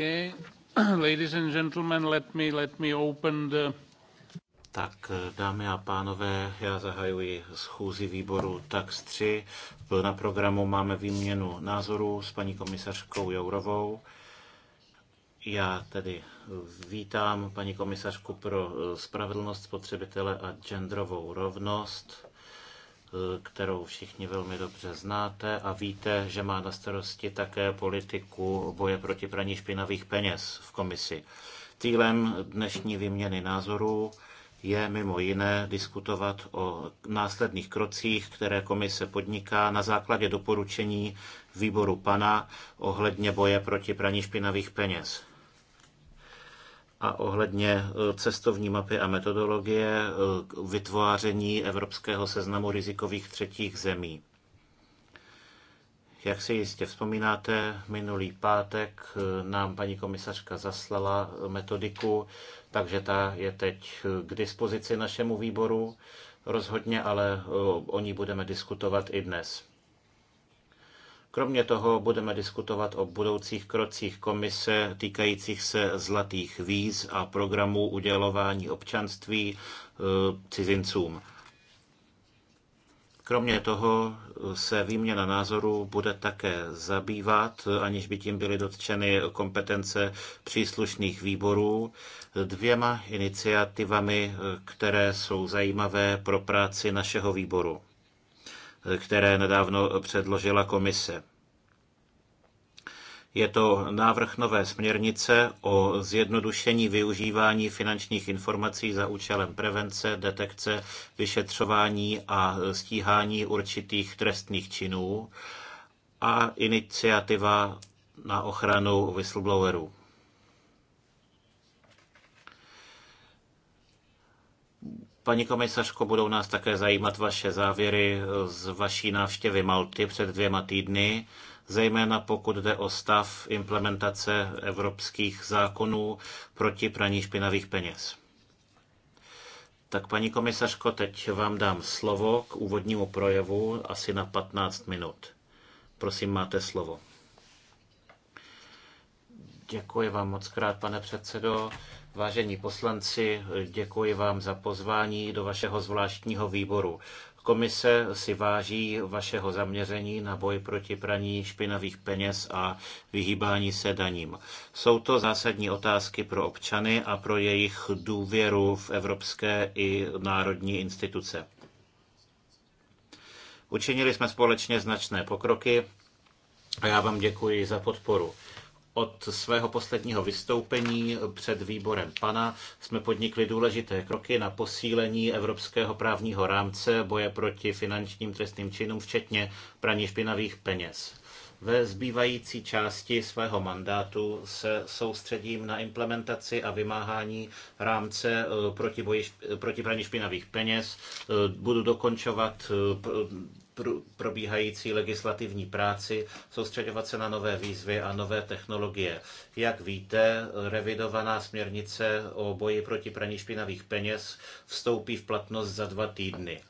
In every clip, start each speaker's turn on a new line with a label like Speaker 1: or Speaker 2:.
Speaker 1: Okay. Ladies and gentlemen, let me, let me open the...
Speaker 2: Tak, dámy a pánové, já zahajuji schůzi výboru TAX 3. Na programu máme výměnu názorů s paní komisařkou Jourovou. Já tedy vítám paní komisařku pro eh, spravedlnost spotřebitele a genderovou rovnost. Eh, kterou všichni velmi dobře znáte a víte, že má na starosti také politiku boje proti praní špinavých peněz v komisi. Cílem dnešní výměny názorů je mimo jiné diskutovat o následných krocích, které komise podniká na základě doporučení výboru pana ohledně boje proti praní špinavých peněz a ohledně e, cestovní mapy a metodologie e, vytváření Evropského seznamu rizikových třetích zemí. Jak si jistě vzpomínáte, minulý pátek e, nám paní komisařka zaslala metodiku, takže ta je teď k dispozici našemu výboru. Rozhodně ale o ní budeme diskutovat i dnes. Kromě toho budeme diskutovat o budoucích krocích komise týkajících se zlatých víz a programů udělování občanství e, cizincům. Kromě toho se výměna názorů bude také zabývat, aniž by tím byly dotčeny kompetence příslušných výborů, dvěma iniciativami, e, které jsou zajímavé pro práci našeho výboru které nedávno předložila komise. Je to návrh nové směrnice o zjednodušení využívání finančních informací za účelem prevence, detekce, vyšetřování a stíhání určitých trestných činů a iniciativa na ochranu whistleblowerů. Paní komisařko, budou nás také zajímat vaše závěry z vaší návštěvy Malty před dvěma týdny, zejména pokud jde o stav implementace evropských zákonů proti praní špinavých peněz. Tak paní komisařko, teď vám dám slovo k úvodnímu projevu asi na 15 minut. Prosím, máte slovo. Děkuji vám moc krát, pane předsedo. Vážení poslanci, děkuji vám za pozvání do vašeho zvláštního výboru. Komise si váží vašeho zaměření na boj proti praní špinavých peněz a vyhýbání se daním. Jsou to zásadní otázky pro občany a pro jejich důvěru v evropské i národní instituce. Učinili jsme společně značné pokroky a já vám děkuji za podporu od svého posledního vystoupení před výborem pana jsme podnikli důležité kroky na posílení evropského právního rámce boje proti finančním trestným činům, včetně praní špinavých peněz. Ve zbývající části svého mandátu se soustředím na implementaci a vymáhání rámce eh, proti, boji, proti praní špinavých peněz. Eh, budu dokončovat eh, probíhající legislativní práci, soustředovat se na nové výzvy a nové technologie. Jak víte, revidovaná směrnice o boji proti praní špinavých peněz vstoupí v platnost za dva týdny.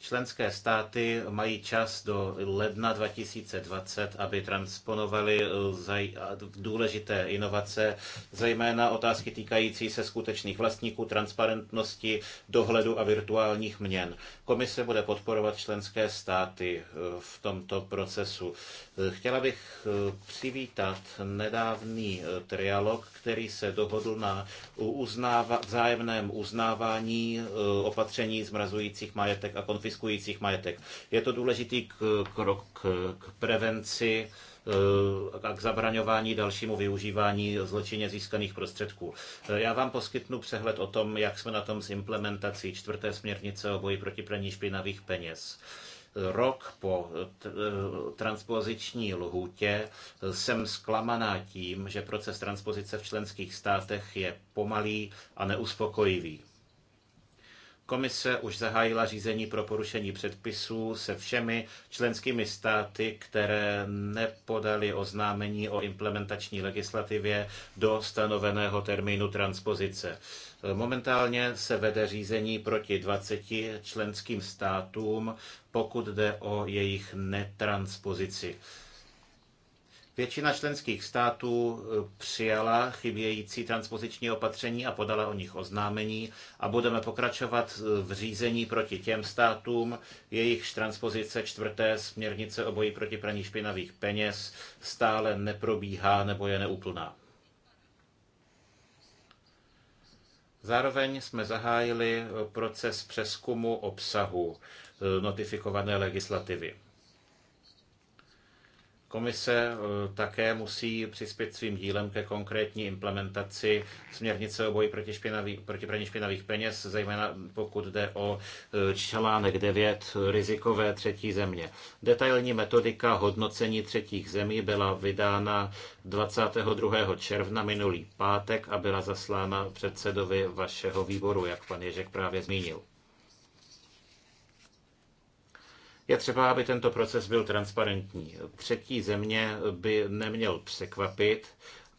Speaker 2: Členské státy mají čas do ledna 2020, aby transponovali eh, důležité inovace, zejména otázky týkající se skutečných vlastníků, transparentnosti, dohledu a virtuálních měn. Komise bude podporovat členské státy eh, v tomto procesu. Eh, chtěla bych eh, přivítat nedávný trialog, který se dohodl na uznáva- vzájemném uznávání opatření zmrazujících majetek a konfiskujících majetek. Je to důležitý krok k prevenci Eh, a k zabraňování dalšímu využívání zločině získaných prostředků. Eh, já vám poskytnu přehled o tom, jak jsme na tom s implementací čtvrté směrnice o boji proti praní špinavých peněz eh, rok po transpoziční lhůtě jsem zklamaná tím, že proces transpozice v členských státech je pomalý a neuspokojivý. Komise už zahájila řízení pro porušení předpisů se všemi členskými státy, které nepodali oznámení o implementační legislativě do stanoveného termínu transpozice. Momentálně se vede řízení proti 20 členským státům, pokud jde o jejich netranspozici. Většina členských států eh, přijala chybějící transpoziční opatření a podala o nich oznámení a budeme pokračovat eh, v řízení proti těm státům, jejichž transpozice čtvrté směrnice o boji proti praní špinavých peněz stále neprobíhá nebo je neúplná. Zároveň jsme zahájili eh, proces přeskumu obsahu notifikované legislativy. Komise eh, také musí přispět svým dílem ke konkrétní implementaci směrnice o boji proti, špinaví, proti praní špinavých peněz, zejména pokud jde o eh, článek 9 eh, rizikové třetí země. Detailní metodika hodnocení třetích zemí byla vydána 22. června minulý pátek a byla zaslána předsedovi vašeho výboru, jak pan Ježek právě zmínil. Je třeba, aby tento proces byl transparentní. Třetí země by neměl překvapit,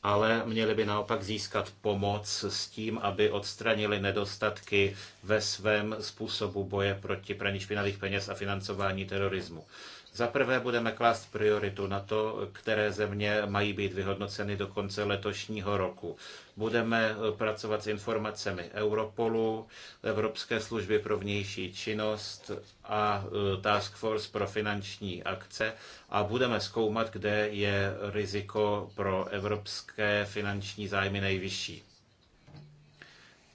Speaker 2: ale měli by naopak získat pomoc s tím, aby odstranili nedostatky ve svém způsobu boje proti praní špinavých peněz a financování terorismu. Za prvé budeme klást prioritu na to, které země mají být vyhodnoceny do konce letošního roku. Budeme eh, pracovat s informacemi Europolu, Evropské služby pro vnější činnost a eh, Task Force pro finanční akce a budeme zkoumat, kde je riziko pro evropské finanční zájmy nejvyšší.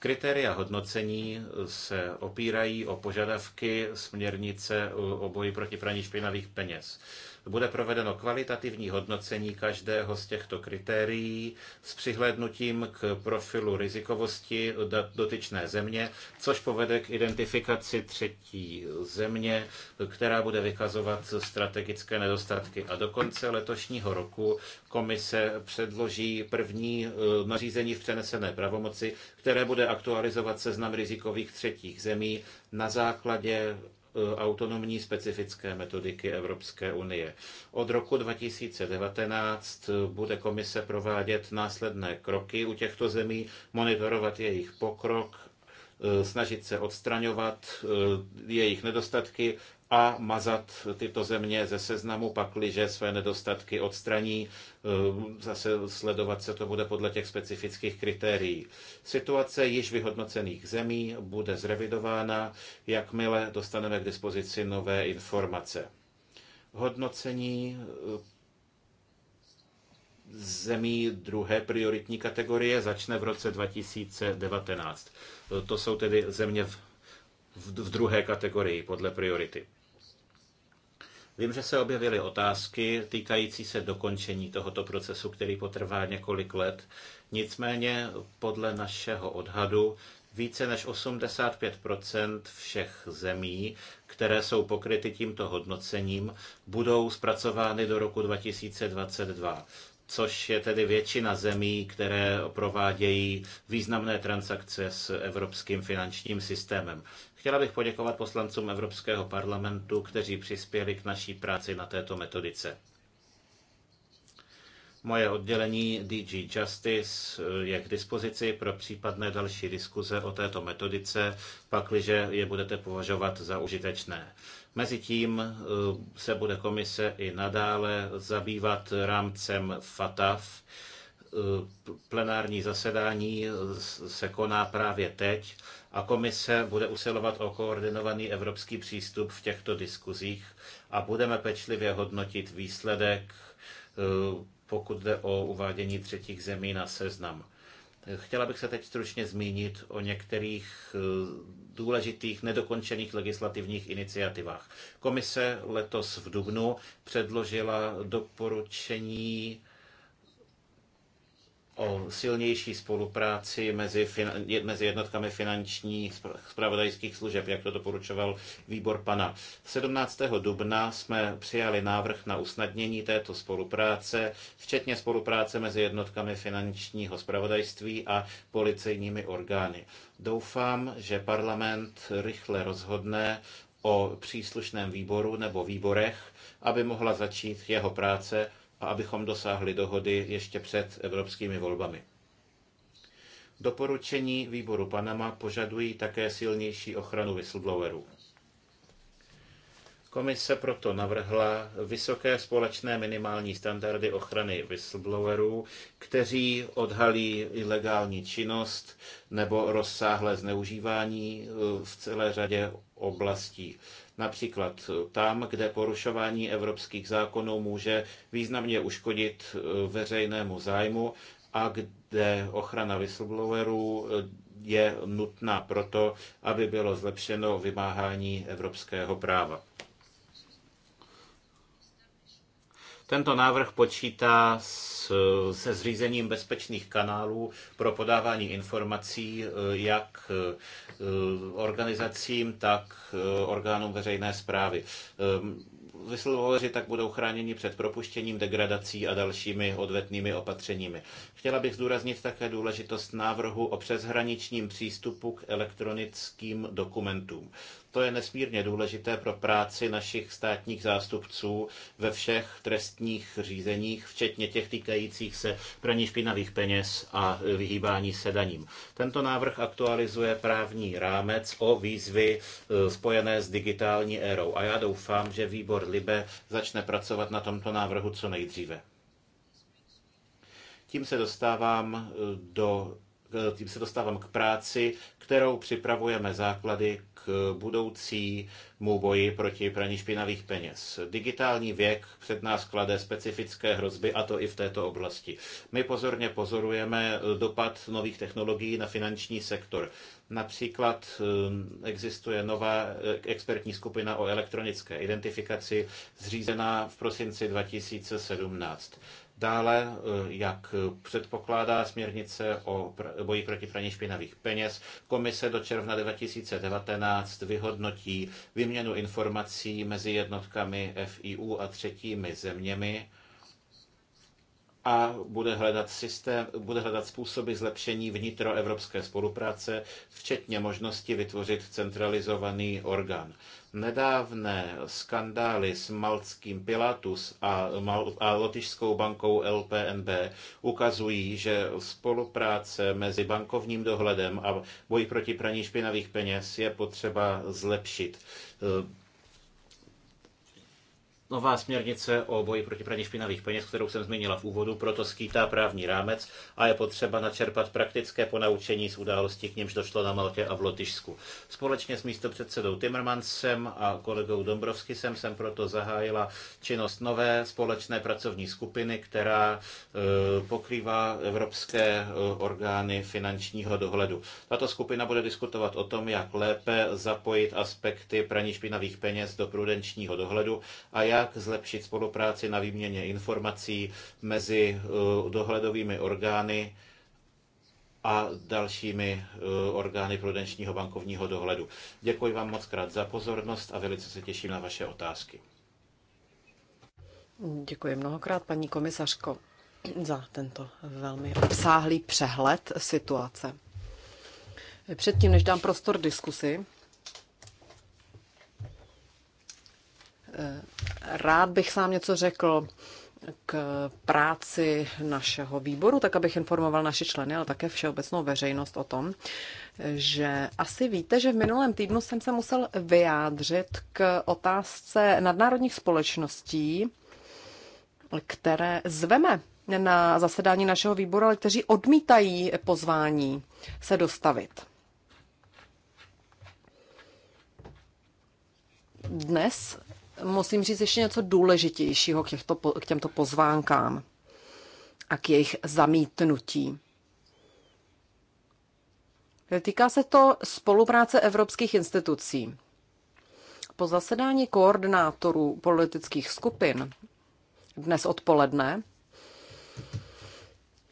Speaker 2: Kritéria hodnocení se opírají o požadavky směrnice o boji proti praní špinavých peněz bude provedeno kvalitativní hodnocení každého z těchto kritérií s přihlédnutím k profilu rizikovosti dotyčné země, což povede k identifikaci třetí země, která bude vykazovat strategické nedostatky. A do konce letošního roku komise předloží první eh, nařízení v přenesené pravomoci, které bude aktualizovat seznam rizikových třetích zemí na základě E, autonomní specifické metodiky Evropské unie. Od roku 2019 e, bude komise provádět následné kroky u těchto zemí, monitorovat jejich pokrok e, snažit se odstraňovat jejich nedostatky a mazat tyto země ze seznamu, pakliže své nedostatky odstraní. Eh, zase sledovat se to bude podle těch specifických kritérií. Situace již vyhodnocených zemí bude zrevidována, jakmile dostaneme k dispozici nové informace. Hodnocení eh, zemí druhé prioritní kategorie začne v roce 2019. Eh, to jsou tedy země v, v, v druhé kategorii podle priority. Vím, že se objevily otázky týkající se dokončení tohoto procesu, který potrvá několik let. Nicméně podle našeho odhadu více než 85 všech zemí, které jsou pokryty tímto hodnocením, budou zpracovány do roku 2022 což je tedy většina zemí, které provádějí významné transakce s evropským finančním systémem. Chtěla bych poděkovat poslancům Evropského parlamentu, kteří přispěli k naší práci na této metodice. Moje oddělení DG Justice je k dispozici pro případné další diskuze o této metodice, pakliže je budete považovat za užitečné. Mezitím eh, se bude komise i nadále zabývat rámcem FATAF. Eh, plenární zasedání eh, se koná právě teď a komise bude usilovat o koordinovaný evropský přístup v těchto diskuzích a budeme pečlivě hodnotit výsledek, pokud jde o uvádění třetích zemí na seznam. Chtěla bych se teď stručně zmínit o některých eh, důležitých nedokončených legislativních iniciativách. Komise letos v Dubnu předložila doporučení o silnější spolupráci mezi, mezi jednotkami finančních spravodajských služeb, jak to doporučoval výbor pana. 17. dubna jsme přijali návrh na usnadnění této spolupráce, včetně spolupráce mezi jednotkami finančního spravodajství a policejními orgány. Doufám, že parlament rychle rozhodne o příslušném výboru nebo výborech, aby mohla začít jeho práce a abychom dosáhli dohody ještě před evropskými volbami. Doporučení výboru Panama požadují také silnější ochranu whistleblowerů. Komise proto navrhla vysoké společné minimální standardy ochrany whistleblowerů, kteří odhalí ilegální činnost nebo rozsáhlé zneužívání eh, v celé řadě oblastí. Například tam, kde porušování evropských zákonů může významně uškodit eh, veřejnému zájmu a kde ochrana whistleblowerů eh, je nutná proto, aby bylo zlepšeno vymáhání evropského práva. Tento návrh počítá s, se zřízením bezpečných kanálů pro podávání informací eh, jak eh, organizacím, tak eh, orgánům veřejné zprávy. Ehm, Vyslovovaři tak budou chráněni před propuštěním, degradací a dalšími odvetnými opatřeními. Chtěla bych zdůraznit také důležitost návrhu o přeshraničním přístupu k elektronickým dokumentům. To je nesmírně důležité pro práci našich státních zástupců ve všech trestních řízeních, včetně těch týkajících se praní špinavých peněz a vyhýbání se daním. Tento návrh aktualizuje právní rámec o výzvy e, spojené s digitální érou a já doufám, že výbor Libe začne pracovat na tomto návrhu co nejdříve. Tím se dostávám e, do tím se dostávám k práci, kterou připravujeme základy k budoucímu boji proti praní špinavých peněz. Digitální věk před nás klade specifické hrozby, a to i v této oblasti. My pozorně pozorujeme dopad nových technologií na finanční sektor. Například um, existuje nová eh, expertní skupina o elektronické identifikaci, zřízená v prosinci 2017. Dále, eh, jak předpokládá směrnice o boji proti praní špinavých peněz, komise do června 2019 vyhodnotí výměnu informací mezi jednotkami FIU a třetími zeměmi a bude hledat, systém, bude hledat způsoby zlepšení vnitroevropské spolupráce, včetně možnosti vytvořit centralizovaný orgán. Nedávné skandály s malckým Pilatus a, a lotyšskou bankou LPNB ukazují, že spolupráce mezi bankovním dohledem a boji proti praní špinavých peněz je potřeba zlepšit nová směrnice o boji proti praní špinavých peněz, kterou jsem zmínila v úvodu, proto skýtá právní rámec a je potřeba načerpat praktické ponaučení z událostí, k němž došlo na Maltě a v Lotyšsku. Společně s místopředsedou Timmermansem a kolegou Dombrovskisem jsem proto zahájila činnost nové společné pracovní skupiny, která e, pokrývá evropské e, orgány finančního dohledu. Tato skupina bude diskutovat o tom, jak lépe zapojit aspekty praní špinavých peněz do prudenčního dohledu a já jak zlepšit spolupráci na výměně informací mezi eh, dohledovými orgány a dalšími eh, orgány prudenčního bankovního dohledu. Děkuji vám moc krát za pozornost a velice se těším na vaše otázky.
Speaker 3: Děkuji mnohokrát,
Speaker 4: paní komisařko, za tento velmi obsáhlý přehled situace. Předtím, než dám prostor diskusi, Rád bych vám něco řekl k práci našeho výboru, tak abych informoval naše členy, ale také všeobecnou veřejnost o tom, že asi víte, že v minulém týdnu jsem se musel vyjádřit k otázce nadnárodních společností, které zveme na zasedání našeho výboru, ale kteří odmítají pozvání se dostavit. Dnes musím říct ještě něco důležitějšího k, těmto, k těmto pozvánkám a k jejich zamítnutí. Týká se to spolupráce evropských institucí. Po zasedání koordinátorů politických skupin dnes odpoledne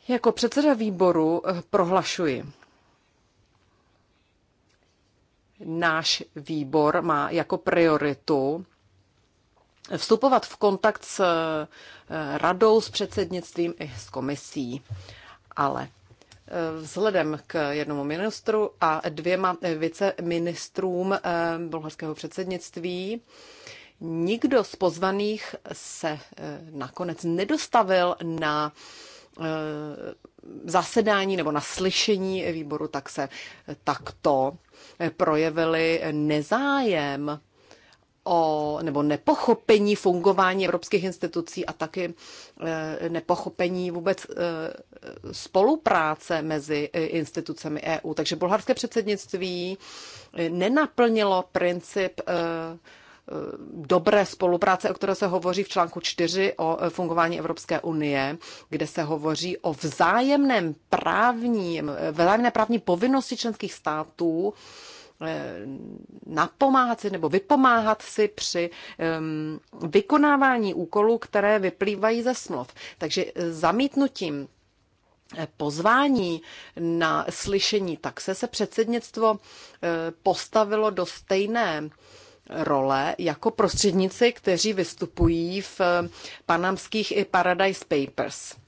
Speaker 4: jako předseda výboru prohlašuji. Náš výbor má jako prioritu vstupovat v kontakt s eh, radou, s předsednictvím i s komisí. Ale eh, vzhledem k jednomu ministru a dvěma viceministrům eh, bulharského předsednictví, nikdo z pozvaných se nakonec nedostavil na zasedání nebo na slyšení výboru, tak se takto projevili nezájem o, nebo nepochopení fungování evropských institucí a taky e, nepochopení vůbec e, spolupráce mezi e, institucemi EU. Takže bulharské předsednictví nenaplnilo princip dobré spolupráce, o které se hovoří v článku 4 o fungování Evropské unie, kde se hovoří o vzájemném právním, vzájemné právní povinnosti členských států Eh, napomáhat si nebo vypomáhat si při vykonávání úkolů, které vyplývají ze smluv. Takže eh, zamítnutím eh, pozvání na slyšení se se předsednictvo postavilo do stejné role jako prostředníci, kteří vystupují v panamských i Paradise Papers.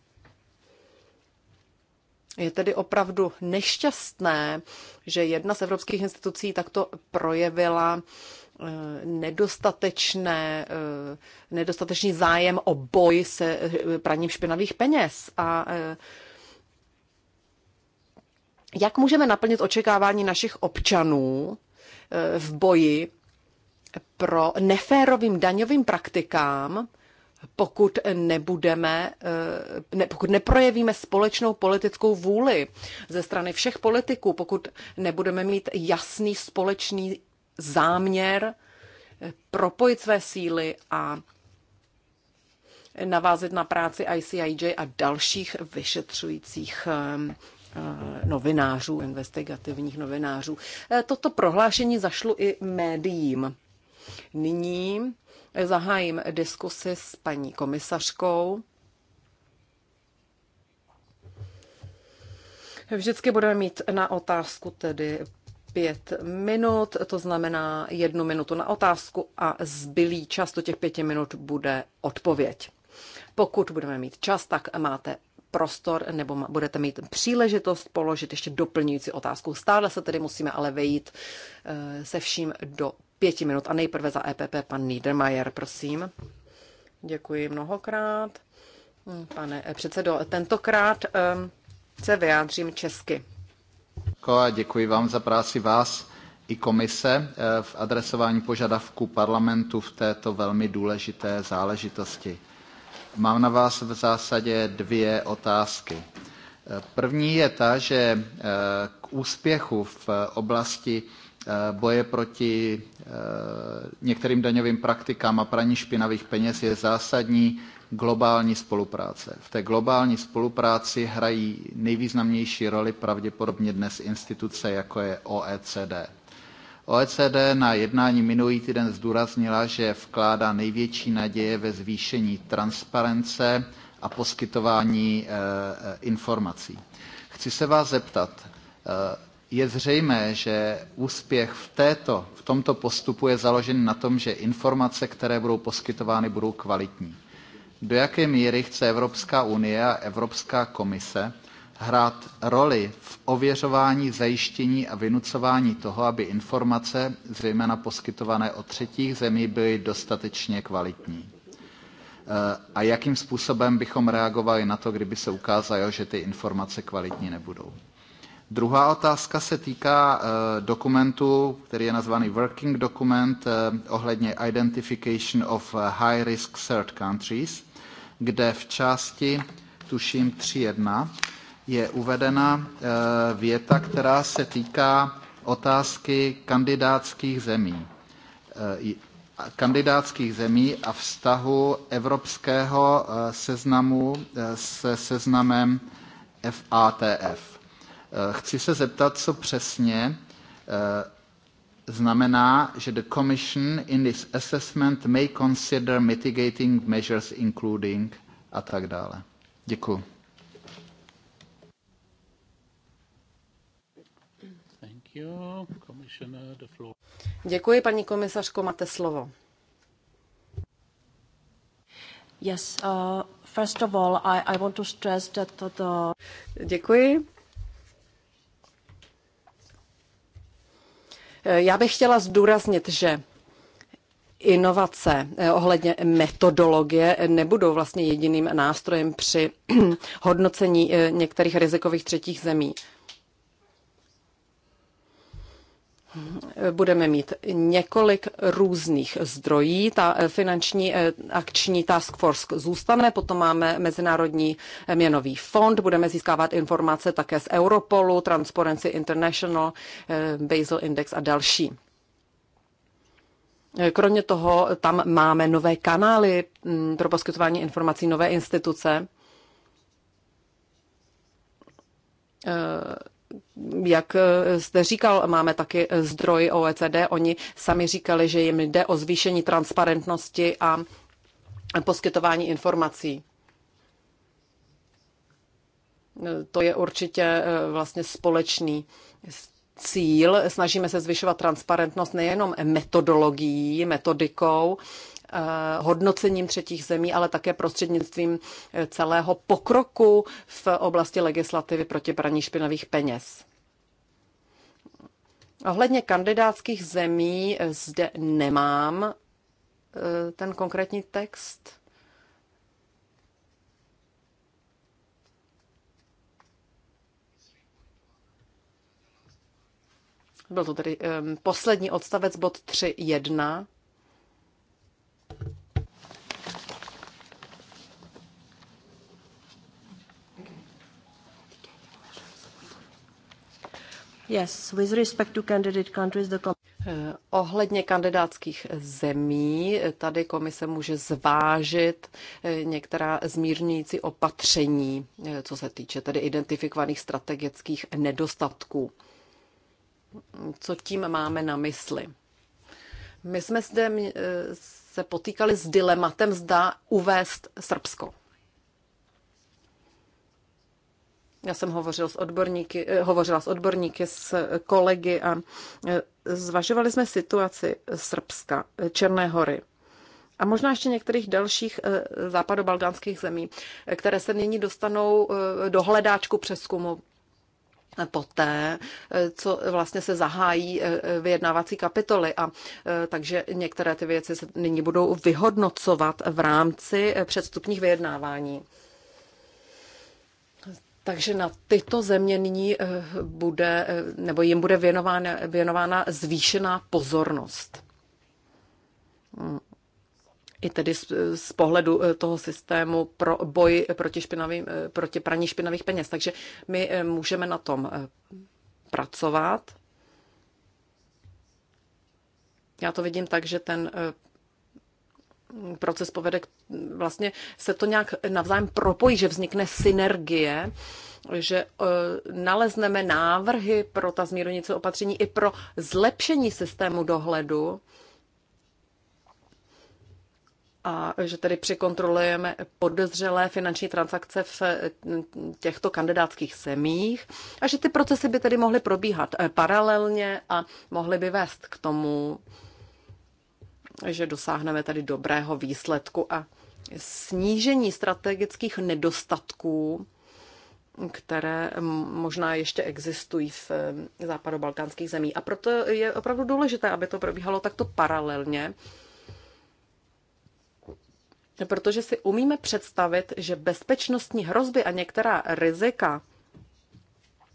Speaker 4: Je tedy opravdu nešťastné, že jedna z evropských institucí takto projevila eh, nedostatečné, eh, nedostatečný zájem o boj se eh, praním špinavých peněz. A jak můžeme naplnit očekávání našich občanů v boji pro neférovým daňovým praktikám, pokud nebudeme, eh, ne, pokud neprojevíme společnou politickou vůli ze strany všech politiků, pokud nebudeme mít jasný společný záměr eh, propojit své síly a navázet na práci ICIJ a dalších vyšetřujících eh, novinářů, investigativních novinářů. Toto prohlášení zašlo i médiím. Nyní zahájím diskusy s paní komisařkou. Vždycky budeme mít na otázku tedy pět minut, to znamená jednu minutu na otázku a zbylý čas do těch pěti minut bude odpověď. Pokud budeme mít čas, tak máte prostor nebo budete mít příležitost položit ještě doplňující otázku. Stále se tedy musíme ale vejít eh, se vším do pěti minut. A nejprve za EPP pan Niedermayer, prosím. Děkuji mnohokrát. Pane eh, předsedo, tentokrát ehm, se vyjádřím česky.
Speaker 5: Jako, a děkuji vám za práci vás i komise eh, v adresování požadavků parlamentu v této velmi důležité záležitosti. Mám na vás v zásadě dvě otázky. Eh, první je ta, že k úspěchu v oblasti Eh, boje proti eh, některým daňovým praktikám a praní špinavých peněz je zásadní globální spolupráce. V té globální spolupráci hrají nejvýznamnější roli pravděpodobně dnes instituce, jako je OECD. OECD na jednání minulý týden zdůraznila, že vkládá největší naděje ve zvýšení transparence a poskytování eh, informací. Chci se vás zeptat, je zřejmé, že úspěch v, této, v tomto postupu je založen na tom, že informace, které budou poskytovány, budou kvalitní. Do jaké míry chce Evropská unie a Evropská komise hrát roli v ověřování, zajištění a vynucování toho, aby informace, zejména poskytované od třetích zemí, byly dostatečně kvalitní? Eh, a jakým způsobem bychom reagovali na to, kdyby se ukázalo, že ty informace kvalitní nebudou? Druhá otázka se týká eh, dokumentu, který je nazvaný Working Document eh, ohledně Identification of eh, High Risk Third Countries, kde v části, tuším 3.1, je uvedena věta, která se týká otázky kandidátských zemí. Kandidátských zemí a vztahu evropského seznamu se seznamem FATF. Eh, chci se zeptat, co přesně eh, znamená, že the Commission in this assessment may consider mitigating measures including a tak dále. Děkuji.
Speaker 4: Děkuji, paní komisařko, máte slovo. Yes, uh, first of all, I, I want to stress that the... Děkuji. Eh, já bych chtěla zdůraznit, že inovace eh, ohledně metodologie eh, nebudou vlastně jediným nástrojem při hodnocení některých rizikových třetích zemí. budeme mít několik různých zdrojů. Ta eh, finanční eh, akční task force zůstane, potom máme Mezinárodní eh, měnový fond, budeme získávat informace také z Europolu, Transparency International, Basel Index a další. Kromě toho tam máme nové kanály mm, pro poskytování informací, nové instituce jak eh, jste říkal, máme taky eh, zdroj OECD. Oni sami říkali, že jim jde o zvýšení transparentnosti a poskytování informací. Eh, to je určitě vlastně společný cíl. Snažíme se zvyšovat transparentnost nejenom metodologií, metodikou, Eh, hodnocením třetích zemí, ale také prostřednictvím eh, celého pokroku v oblasti legislativy proti praní špinavých peněz. Ohledně kandidátských zemí eh, zde nemám ten konkrétní text. Byl to tedy um, poslední odstavec bod Yes, with respect to candidate countries, the eh, Ohledně kandidátských zemí, eh, tady komise může zvážit eh, některá zmírňující opatření, co se týče tedy identifikovaných strategických nedostatků. Co tím máme na mysli? My jsme zde se potýkali s dilematem, zda uvést Srbsko Já jsem hovořil s odborníky, eh, hovořila s odborníky, s kolegy a eh, zvažovali jsme situaci Srbska, eh, Černé hory a možná ještě některých dalších západobalkánských zemí, které se nyní dostanou do hledáčku přeskumu poté, co vlastně se zahájí vyjednávací kapitoly. A takže některé ty věci se nyní budou vyhodnocovat v rámci předstupních vyjednávání. Takže na tyto země nyní eh, bude, eh, nebo jim bude věnována, věnována zvýšená pozornost. Hmm. I tedy z, z pohledu eh, toho systému pro boj proti, špinavým, proti praní špinavých peněz. Takže my můžeme na tom pracovat. Já to vidím tak, že ten proces povede, k, vlastně se to nějak navzájem propojí, že vznikne synergie, že eh, nalezneme návrhy pro ta zmírnice opatření i pro zlepšení systému dohledu a že tedy překontrolujeme podezřelé finanční transakce v eh, těchto kandidátských semích a že ty procesy by tedy mohly probíhat eh, paralelně a mohly by vést k tomu, že dosáhneme tady dobrého výsledku a snížení strategických nedostatků, které možná ještě existují v západobalkánských zemí. A proto je opravdu důležité, aby to probíhalo takto paralelně, protože si umíme představit, že bezpečnostní hrozby a některá rizika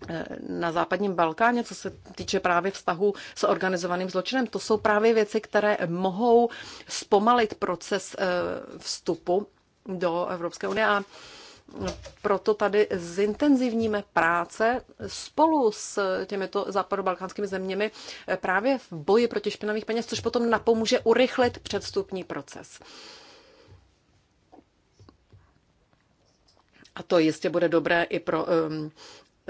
Speaker 4: Eh, na západním Balkáně, co se týče právě vztahu s organizovaným zločinem. To jsou právě věci, které mohou zpomalit proces eh, vstupu do Evropské unie a proto tady zintenzivníme práce spolu s těmito západobalkánskými zeměmi eh, právě v boji proti špinavých peněz, což potom napomůže urychlit předstupní proces. A to jistě bude dobré i pro um,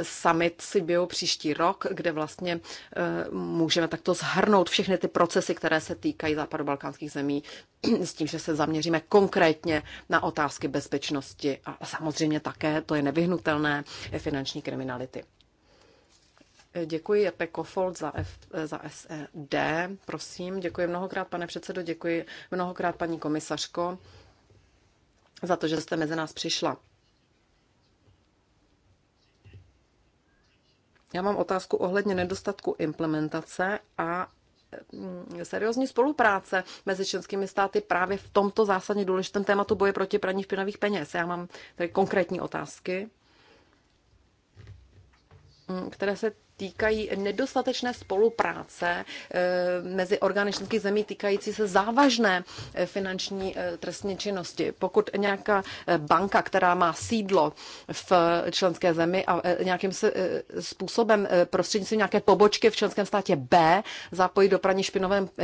Speaker 4: summit Sibiu příští rok, kde vlastně eh, můžeme takto zhrnout všechny ty procesy, které se týkají západobalkánských zemí, s tím, že se zaměříme konkrétně na otázky bezpečnosti a samozřejmě také, to je nevyhnutelné, eh, finanční kriminality. Eh, děkuji Jepe Kofold za, F, za SED, prosím. Děkuji mnohokrát, pane předsedo, děkuji mnohokrát, paní komisařko, za to, že jste mezi nás přišla. Já mám otázku ohledně nedostatku implementace a mm, seriózní spolupráce mezi členskými státy právě v tomto zásadně důležitém tématu boje proti praní špinavých peněz. Já mám tady konkrétní otázky, mm, které se týkají nedostatečné spolupráce eh, mezi orgány členských zemí týkající se závažné eh, finanční eh, trestní činnosti. Pokud nějaká banka, která má sídlo v členské zemi a nějakým způsobem prostřednictvím nějaké pobočky v členském státě B zapojí do praní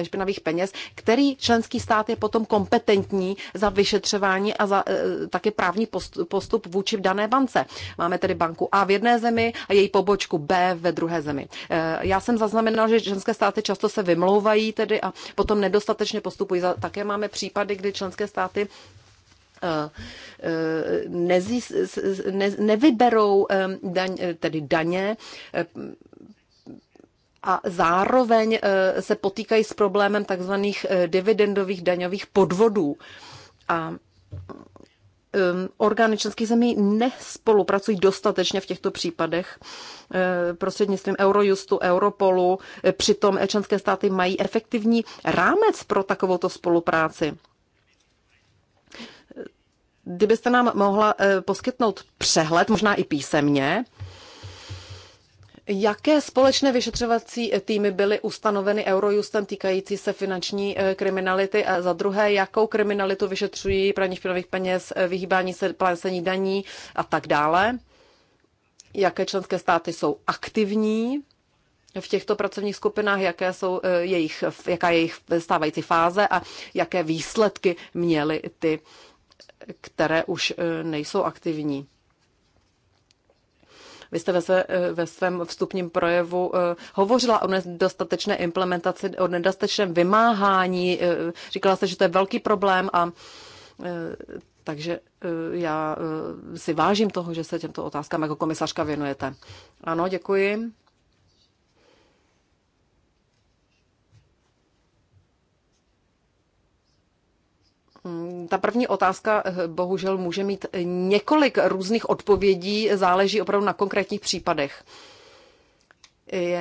Speaker 4: špinavých peněz, který členský stát je potom kompetentní za vyšetřování a za taky právní postup vůči dané bance. Máme tedy banku A v jedné zemi a její pobočku B ve druhé druhé zemi. Eh, já jsem zaznamenal, že členské státy často se vymlouvají tedy a potom nedostatečně postupují. Také máme případy, kdy členské státy eh, eh, nevyberou daň, tedy daně a zároveň se potýkají s problémem takzvaných dividendových daňových podvodů. A Um, orgány členských zemí nespolupracují dostatečně v těchto případech uh, prostřednictvím Eurojustu, Europolu. Přitom členské státy mají efektivní rámec pro takovouto spolupráci. Kdybyste nám mohla uh, poskytnout přehled, možná i písemně, Jaké společné vyšetřovací týmy byly ustanoveny Eurojustem týkající se finanční eh, kriminality a za druhé, jakou kriminalitu vyšetřují praní špinavých peněz, eh, vyhýbání se plánsení daní a tak dále? Jaké členské státy jsou aktivní v těchto pracovních skupinách, jaké jsou eh, jejich, jaká je jejich stávající fáze a jaké výsledky měly ty, které už nejsou aktivní? Vy jste ve, své, eh, ve svém vstupním projevu eh, hovořila o nedostatečné implementaci, o nedostatečném vymáhání. Eh, říkala jste, že to je velký problém a takže já si vážím toho, že se těmto otázkám jako komisařka věnujete. Ano, děkuji. Mm, ta první otázka eh, bohužel může mít několik různých odpovědí, záleží opravdu na konkrétních případech.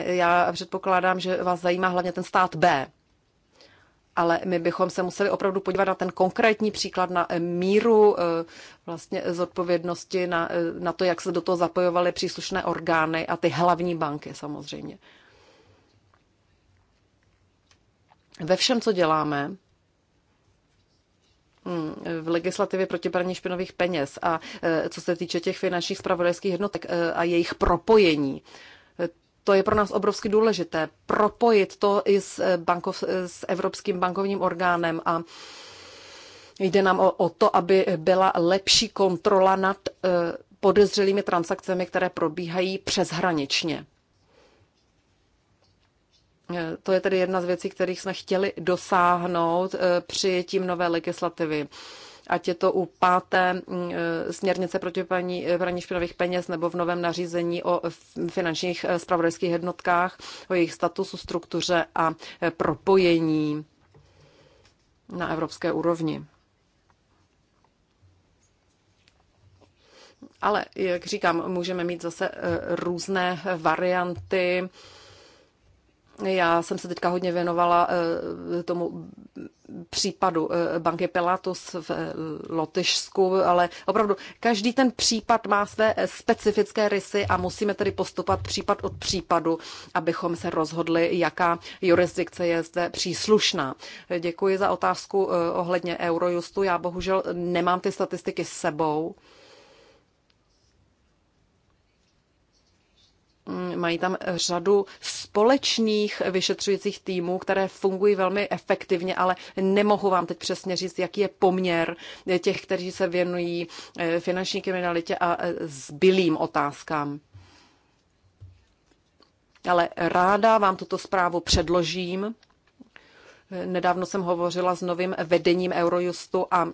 Speaker 4: Já předpokládám, že vás zajímá hlavně ten stát B. Ale my bychom se museli opravdu podívat na ten konkrétní příklad, na eh, míru eh, vlastně zodpovědnosti, na, na to, jak se do toho zapojovaly příslušné orgány a ty hlavní banky samozřejmě. Ve všem, co děláme, Hm, v legislativě proti praní špinových peněz a e, co se týče těch finančních spravodajských jednotek e, a jejich propojení. E, to je pro nás obrovsky důležité, propojit to i s, bankov, s Evropským bankovním orgánem a jde nám o, o to, aby byla lepší kontrola nad podezřelými transakcemi, které probíhají přeshraničně. Eh, to je tedy jedna z věcí, kterých jsme chtěli dosáhnout eh, přijetím nové legislativy. Ať je to u páté mm, eh, směrnice proti paní, praní špinavých peněz nebo v novém nařízení o finančních spravodajských jednotkách, o jejich statusu, struktuře a propojení na evropské úrovni. Ale, jak říkám, můžeme mít zase různé varianty já jsem se teďka hodně věnovala eh, tomu případu eh, banky Pilatus v eh, Lotyšsku, ale opravdu každý ten případ má své specifické rysy a musíme tedy postupovat případ od případu, abychom se rozhodli, jaká jurisdikce je zde příslušná. Děkuji za otázku ohledně Eurojustu. Já bohužel nemám ty statistiky s sebou. Mm, mají tam řadu společných vyšetřujících týmů, které fungují velmi efektivně, ale nemohu vám teď přesně říct, jaký je poměr těch, kteří se věnují eh, finanční kriminalitě a eh, zbylým otázkám. Ale ráda vám tuto zprávu předložím. Eh, nedávno jsem hovořila s novým vedením Eurojustu a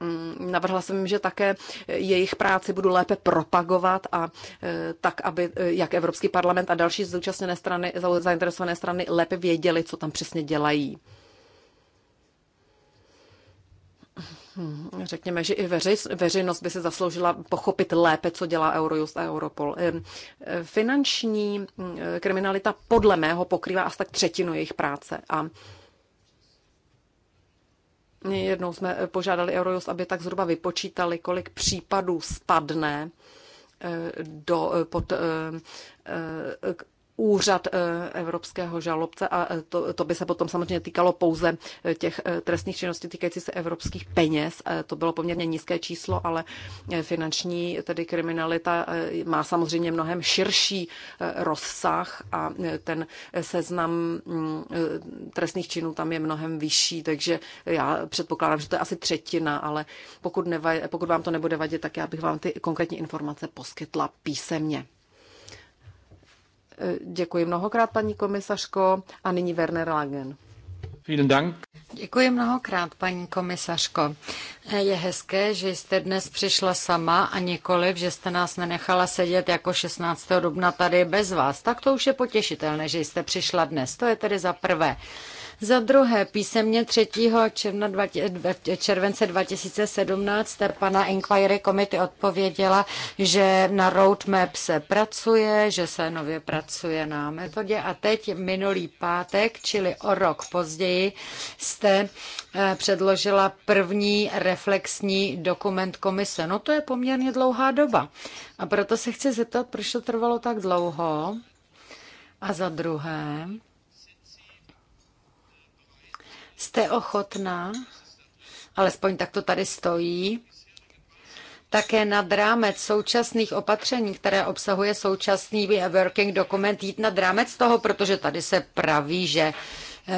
Speaker 4: Mm, navrhla jsem, že také jejich práci budu lépe propagovat a e, tak, aby e, jak Evropský parlament a další zúčastněné strany, zainteresované strany lépe věděli, co tam přesně dělají. Hmm, řekněme, že i veřejnost by se zasloužila pochopit lépe, co dělá Eurojust a Europol. Finanční mm, kriminalita podle mého pokrývá asi tak třetinu jejich práce a Jednou jsme eh, požádali Eurojust, aby tak zhruba vypočítali, kolik případů spadne eh, do, eh, pod, úřad eh, evropského žalobce a eh, to, to by se potom samozřejmě týkalo pouze eh, těch trestných činností týkající se evropských peněz. To bylo poměrně nízké číslo, ale finanční tedy kriminalita má samozřejmě mnohem širší rozsah a ten seznam mm, trestných činů tam je mnohem vyšší, takže já předpokládám, že to je asi třetina, ale pokud, neva, pokud vám to nebude vadit, tak já bych vám ty konkrétní informace poskytla písemně. Děkuji mnohokrát, paní komisařko,
Speaker 3: a nyní Werner Langen. Děkuji mnohokrát, paní komisařko. Je hezké, že jste dnes přišla sama a nikoliv, že jste nás nenechala sedět jako 16. dubna tady bez vás. Tak to už je potěšitelné, že jste přišla dnes. To je tedy za prvé. Za druhé písemně 3. Června 20, července 2017 pana Inquiry Committee odpověděla, že na roadmap se pracuje, že se nově pracuje na metodě a teď minulý pátek, čili o rok později, jste eh, předložila první reflexní dokument komise. No to je poměrně dlouhá doba. A proto se chci zeptat, proč to trvalo tak dlouho. A za druhé, Jste ochotná, alespoň tak to tady stojí, také nad rámec současných opatření, které obsahuje současný working dokument, jít nad rámec toho, protože tady se praví, že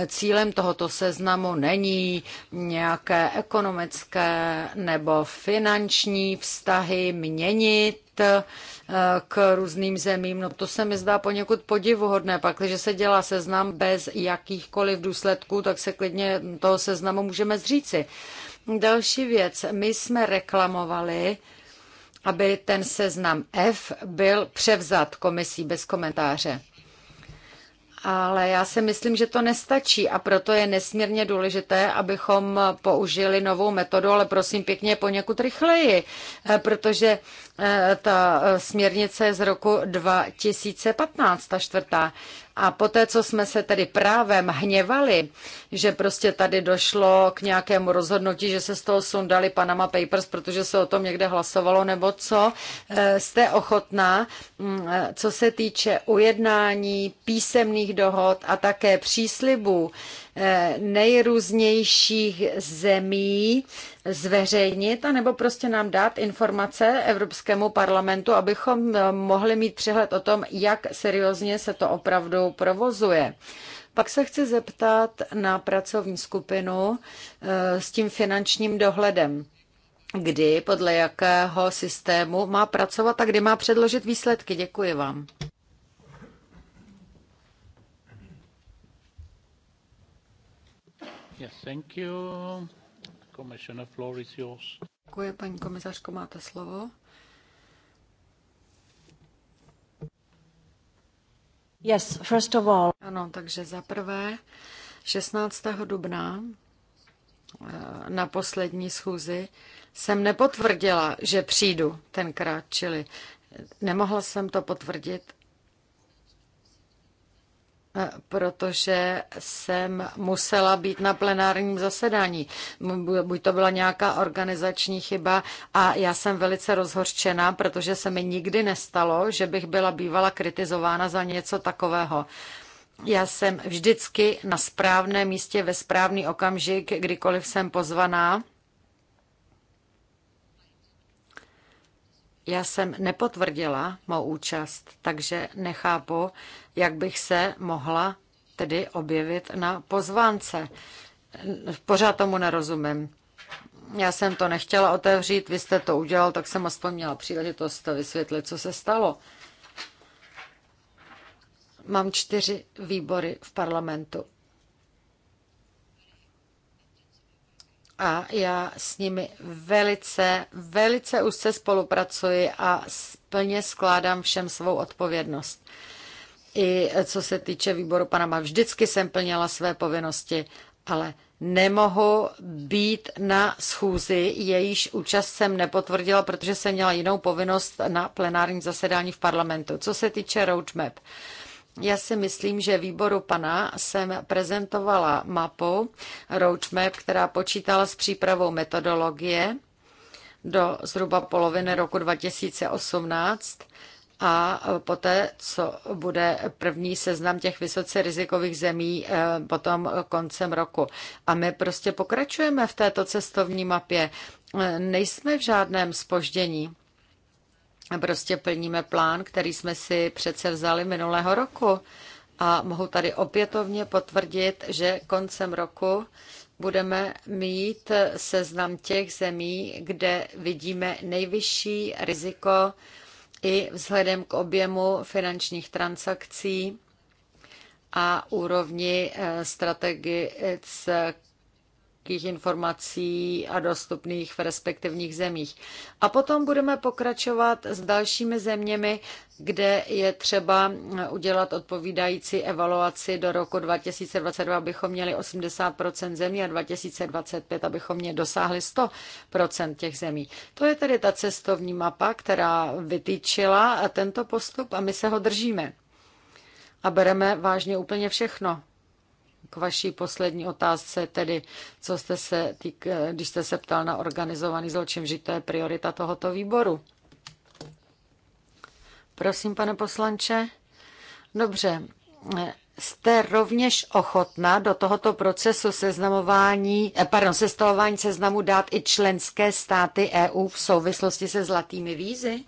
Speaker 3: Cílem tohoto seznamu není nějaké ekonomické nebo finanční vztahy měnit eh, k různým zemím. No to se mi zdá poněkud podivuhodné. Pak, když se dělá seznam bez jakýchkoliv důsledků, tak se klidně toho seznamu můžeme zříci. Další věc. My jsme reklamovali, aby ten seznam F byl převzat komisí bez komentáře. Ale já si myslím, že to nestačí a proto je nesmírně důležité, abychom použili novou metodu, ale prosím pěkně poněkud rychleji, eh, protože eh, ta eh, směrnice je z roku 2015, ta čtvrtá. A poté, co jsme se tedy právem hněvali, že prostě tady došlo k nějakému rozhodnutí, že se z toho sundali Panama Papers, protože se o tom někde hlasovalo, nebo co, eh, jste ochotná, mm, eh, co se týče ujednání písemných dohod a také příslibů, nejrůznějších zemí zveřejnit, anebo prostě nám dát informace Evropskému parlamentu, abychom eh, mohli mít přehled o tom, jak seriózně se to opravdu provozuje. Pak se chci zeptat na pracovní skupinu eh, s tím finančním dohledem kdy, podle jakého systému má pracovat a kdy má předložit výsledky. Děkuji vám.
Speaker 1: Yes, thank you. Commissioner floor is yours.
Speaker 3: Děkuji, paní komisařko, máte slovo. Yes, first of all. Ano, takže za prvé 16. dubna eh, na poslední schůzi jsem nepotvrdila, že přijdu tenkrát, čili nemohla jsem to potvrdit protože jsem musela být na plenárním zasedání. Buď to byla nějaká organizační chyba a já jsem velice rozhorčená, protože se mi nikdy nestalo, že bych byla bývala kritizována za něco takového. Já jsem vždycky na správném místě ve správný okamžik, kdykoliv jsem pozvaná Já jsem nepotvrdila mou účast, takže nechápu, jak bych se mohla tedy objevit na pozvánce. Pořád tomu nerozumím. Já jsem to nechtěla otevřít, vy jste to udělal, tak jsem aspoň měla příležitost to vysvětlit, co se stalo. Mám čtyři výbory v parlamentu a já s nimi velice, velice úzce spolupracuji a plně skládám všem svou odpovědnost. I co se týče výboru Panama, vždycky jsem plněla své povinnosti, ale nemohu být na schůzi, jejíž účast jsem nepotvrdila, protože jsem měla jinou povinnost na plenárním zasedání v parlamentu. Co se týče roadmap, já si myslím, že výboru pana jsem prezentovala mapu roadmap, která počítala s přípravou metodologie do zhruba poloviny roku 2018 a poté, co bude první seznam těch vysoce rizikových zemí eh, potom koncem roku. A my prostě pokračujeme v této cestovní mapě. Eh, nejsme v žádném spoždění. Prostě plníme plán, který jsme si přece vzali minulého roku. A mohu tady opětovně potvrdit, že koncem roku budeme mít seznam těch zemí, kde vidíme nejvyšší riziko i vzhledem k objemu finančních transakcí a úrovni eh, strategické velkých informací a dostupných v respektivních zemích. A potom budeme pokračovat s dalšími zeměmi, kde je třeba udělat odpovídající evaluaci do roku 2022, abychom měli 80 zemí a 2025, abychom mě dosáhli 100 těch zemí. To je tedy ta cestovní mapa, která vytýčila tento postup a my se ho držíme. A bereme vážně úplně všechno k vaší poslední otázce, tedy co jste se týk, když jste se ptal na organizovaný zločin, že to je priorita tohoto výboru. Prosím, pane poslanče. Dobře, jste rovněž ochotna do tohoto procesu seznamování, eh, pardon, sestavování seznamu dát i členské státy EU v souvislosti se zlatými vízy?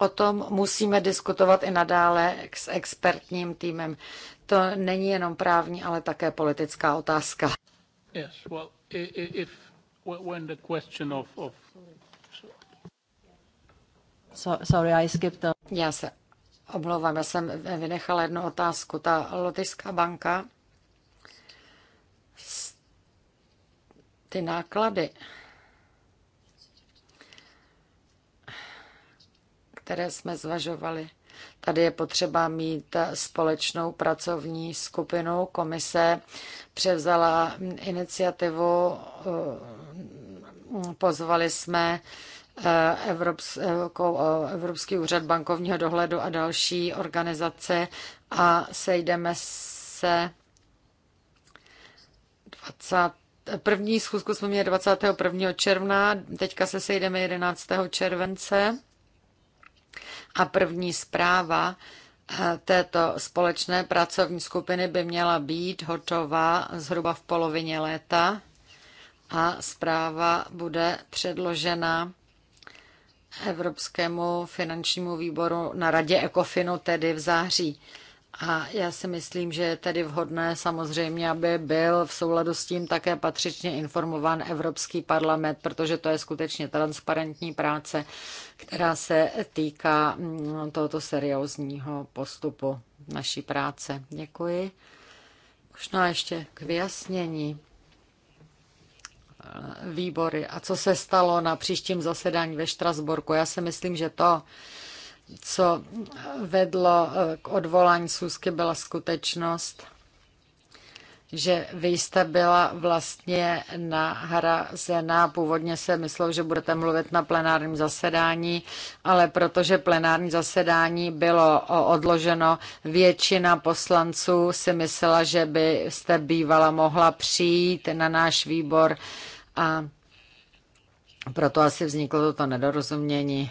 Speaker 3: O tom musíme diskutovat i nadále s expertním týmem. To není jenom právní, ale také politická otázka.
Speaker 1: Yes, well, if, when the question of, of...
Speaker 3: So, sorry, I skipped the... Já se omlouvám, já jsem vynechala jednu otázku. Ta lotyšská banka, ty náklady, které jsme zvažovali. Tady je potřeba mít společnou pracovní skupinu. Komise převzala iniciativu, eh, pozvali jsme eh, Evropskou, eh, Evropský úřad bankovního dohledu a další organizace a sejdeme se 20. První schůzku jsme měli 21. června, teďka se sejdeme 11. července a první zpráva eh, této společné pracovní skupiny by měla být hotová zhruba v polovině léta a zpráva bude předložena Evropskému finančnímu výboru na radě Ekofinu, tedy v září. A já si myslím, že je tedy vhodné samozřejmě, aby byl v souladu s tím také patřičně informován Evropský parlament, protože to je skutečně transparentní práce, která se týká mm, tohoto seriózního postupu naší práce. Děkuji. Možná ještě k vyjasnění výbory a co se stalo na příštím zasedání ve Štrasborku. Já si myslím, že to, co vedlo eh, k odvolání Susky, byla skutečnost, že výsta byla vlastně nahrazená. Původně se myslel, že budete mluvit na plenárním zasedání, ale protože plenární zasedání bylo odloženo, většina poslanců si myslela, že byste bývala mohla přijít na náš výbor a proto asi vzniklo toto nedorozumění.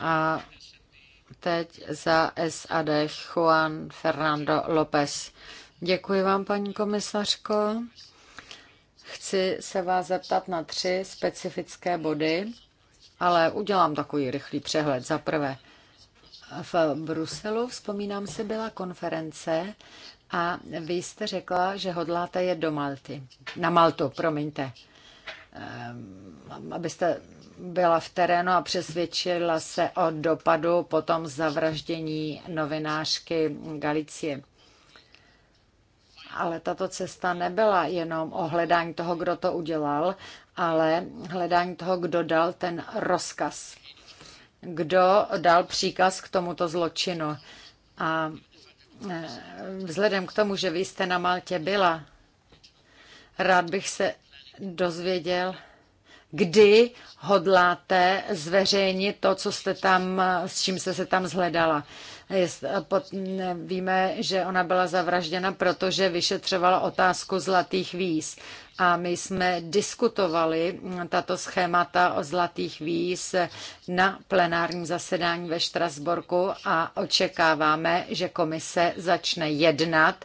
Speaker 3: A teď za SAD Juan Fernando López. Děkuji vám, paní komisařko. Chci se vás zeptat na tři specifické body, ale udělám takový rychlý přehled. Za prvé, v Bruselu, vzpomínám si, byla konference a vy jste řekla, že hodláte je do Malty. Na Maltu, promiňte. Ehm, abyste byla v terénu a přesvědčila se o dopadu potom zavraždění novinářky Galicie. Ale tato cesta nebyla jenom o hledání toho, kdo to udělal, ale hledání toho, kdo dal ten rozkaz, kdo dal příkaz k tomuto zločinu. A ehm, vzhledem k tomu, že vy jste na Maltě byla, rád bych se dozvěděl, kdy hodláte zveřejnit to, co jste tam, s čím jste se tam zhledala. Víme, že ona byla zavražděna, protože vyšetřovala otázku zlatých víz. A my jsme diskutovali tato schémata o zlatých víz na plenárním zasedání ve Štrasborku a očekáváme, že komise začne jednat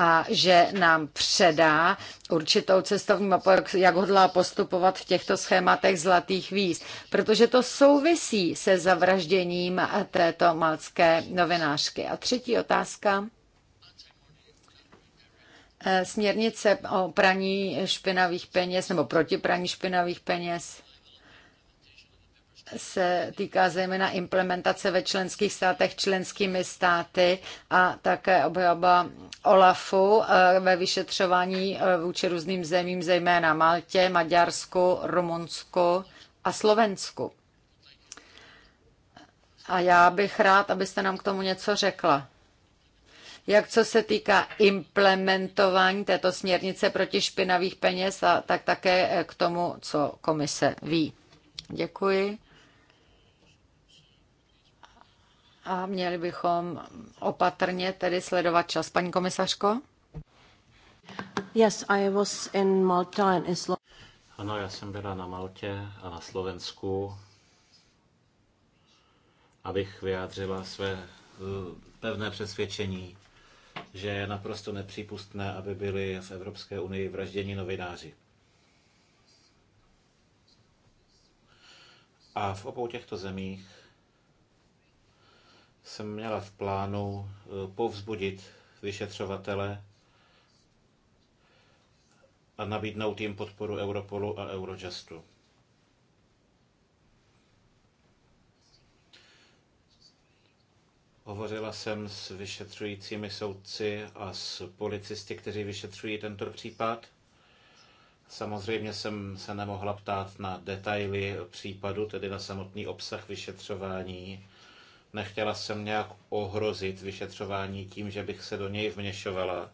Speaker 3: a že nám předá určitou cestovní mapu, jak hodlá postupovat v těchto schématech zlatých víz, protože to souvisí se zavražděním této malcké novinářky. A třetí otázka. Eh, směrnice o praní špinavých peněz nebo proti praní špinavých peněz se týká zejména implementace ve členských státech členskými státy a také obhajoba OLAFu eh, ve vyšetřování eh, vůči různým zemím, zejména Maltě, Maďarsku, Rumunsku a Slovensku. A já bych rád, abyste nám k tomu něco řekla jak co se týká implementování této směrnice proti špinavých peněz, a tak také k tomu, co komise ví. Děkuji. a měli bychom opatrně tedy sledovat čas. Paní komisařko? Yes, I was in Malta and in
Speaker 2: ano, já jsem byla na Maltě a na Slovensku, abych vyjádřila své eh, pevné přesvědčení, že je naprosto nepřípustné, aby byli v Evropské unii vražděni novináři. A v obou těchto zemích jsem měla v plánu eh, povzbudit vyšetřovatele a nabídnout jim podporu Europolu a Eurojustu. Hovořila jsem s vyšetřujícími soudci a s policisty, kteří vyšetřují tento případ. Samozřejmě jsem se nemohla ptát na detaily případu, tedy na samotný obsah vyšetřování, Nechtěla jsem nějak ohrozit vyšetřování tím, že bych se do něj vměšovala,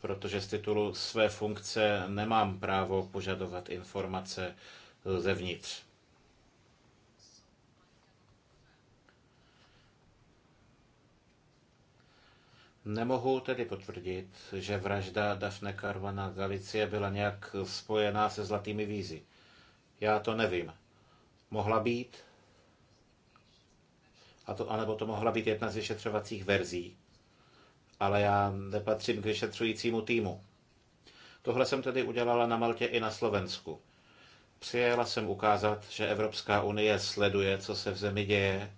Speaker 2: protože z titulu své funkce nemám právo požadovat informace zevnitř. Nemohu tedy potvrdit, že vražda Dafne Karvana Galicie byla nějak spojená se zlatými vízy. Já to nevím. Mohla být, a to, anebo to mohla být jedna z vyšetřovacích verzí. Ale já nepatřím k vyšetřujícímu týmu. Tohle jsem tedy udělala na Maltě i na Slovensku. Přijela jsem ukázat, že Evropská unie sleduje, co se v zemi děje.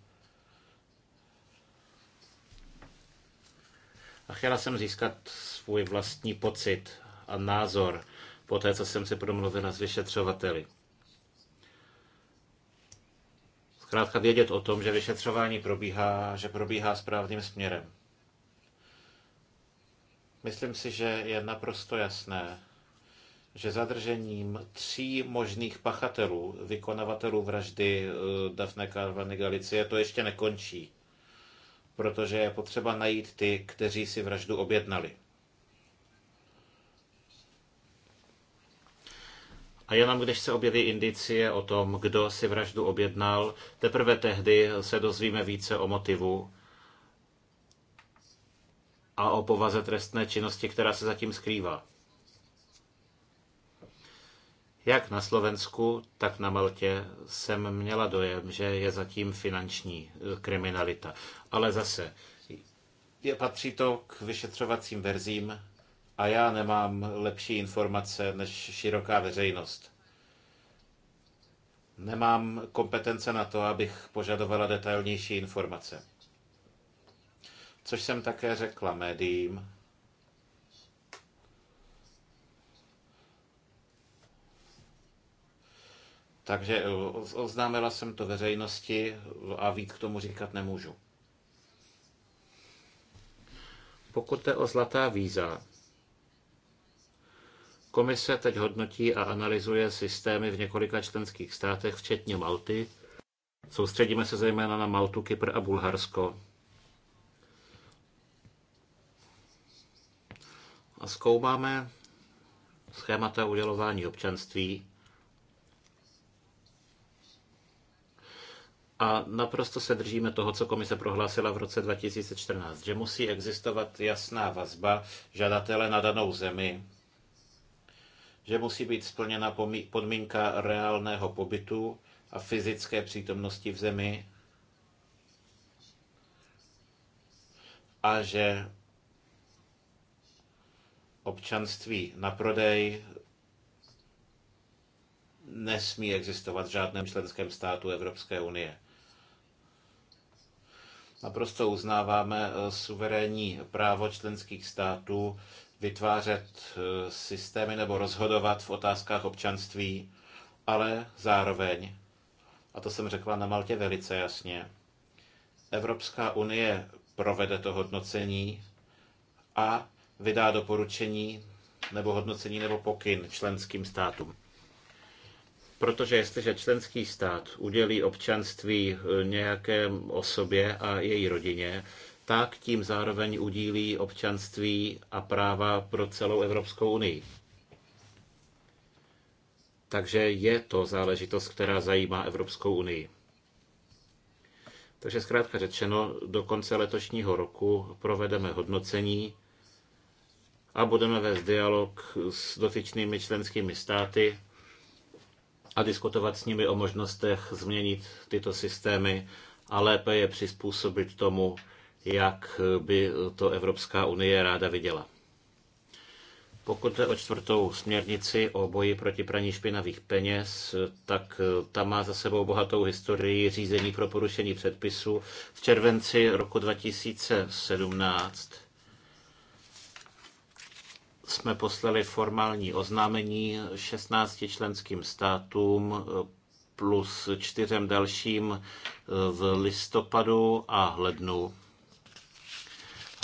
Speaker 2: A chtěla jsem získat svůj vlastní pocit a názor po té, co jsem si promluvila s vyšetřovateli. zkrátka vědět o tom, že vyšetřování probíhá, že probíhá správným směrem. Myslím si, že je naprosto jasné, že zadržením tří možných pachatelů, vykonavatelů vraždy eh, Dafne Karvany Galicie, to ještě nekončí, protože je potřeba najít ty, kteří si vraždu objednali. A jenom když se objeví indicie o tom, kdo si vraždu objednal, teprve tehdy se dozvíme více o motivu a o povaze trestné činnosti, která se zatím skrývá. Jak na Slovensku, tak na Maltě jsem měla dojem, že je zatím finanční eh, kriminalita. Ale zase, je, patří to k vyšetřovacím verzím a já nemám lepší informace než široká veřejnost. Nemám kompetence na to, abych požadovala detailnější informace. Což jsem také řekla médiím. Takže oznámila jsem to veřejnosti a víc k tomu říkat nemůžu. Pokud je o zlatá víza, Komise teď hodnotí a analyzuje systémy v několika členských státech, včetně Malty. Soustředíme se zejména na Maltu, Kypr a Bulharsko. A zkoumáme schémata udělování občanství. A naprosto se držíme toho, co komise prohlásila v roce 2014, že musí existovat jasná vazba žadatele na danou zemi že musí být splněna podmínka reálného pobytu a fyzické přítomnosti v zemi a že občanství na prodej nesmí existovat v žádném členském státu Evropské unie. Naprosto uznáváme eh, suverénní právo členských států vytvářet eh, systémy nebo rozhodovat v otázkách občanství, ale zároveň, a to jsem řekla na Maltě velice jasně, Evropská unie provede to hodnocení a vydá doporučení nebo hodnocení nebo pokyn členským státům. Protože jestliže členský stát udělí občanství eh, nějaké osobě a její rodině, tak tím zároveň udílí občanství a práva pro celou Evropskou unii. Takže je to záležitost, která zajímá Evropskou unii. Takže zkrátka řečeno, do konce letošního roku provedeme hodnocení a budeme vést dialog s dotyčnými členskými státy a diskutovat s nimi o možnostech změnit tyto systémy a lépe je přizpůsobit tomu, jak by to Evropská unie ráda viděla. Pokud jde o čtvrtou směrnici o boji proti praní špinavých peněz, tak ta má za sebou bohatou historii řízení pro porušení předpisu V červenci roku 2017 jsme poslali formální oznámení 16 členským státům plus čtyřem dalším v listopadu a lednu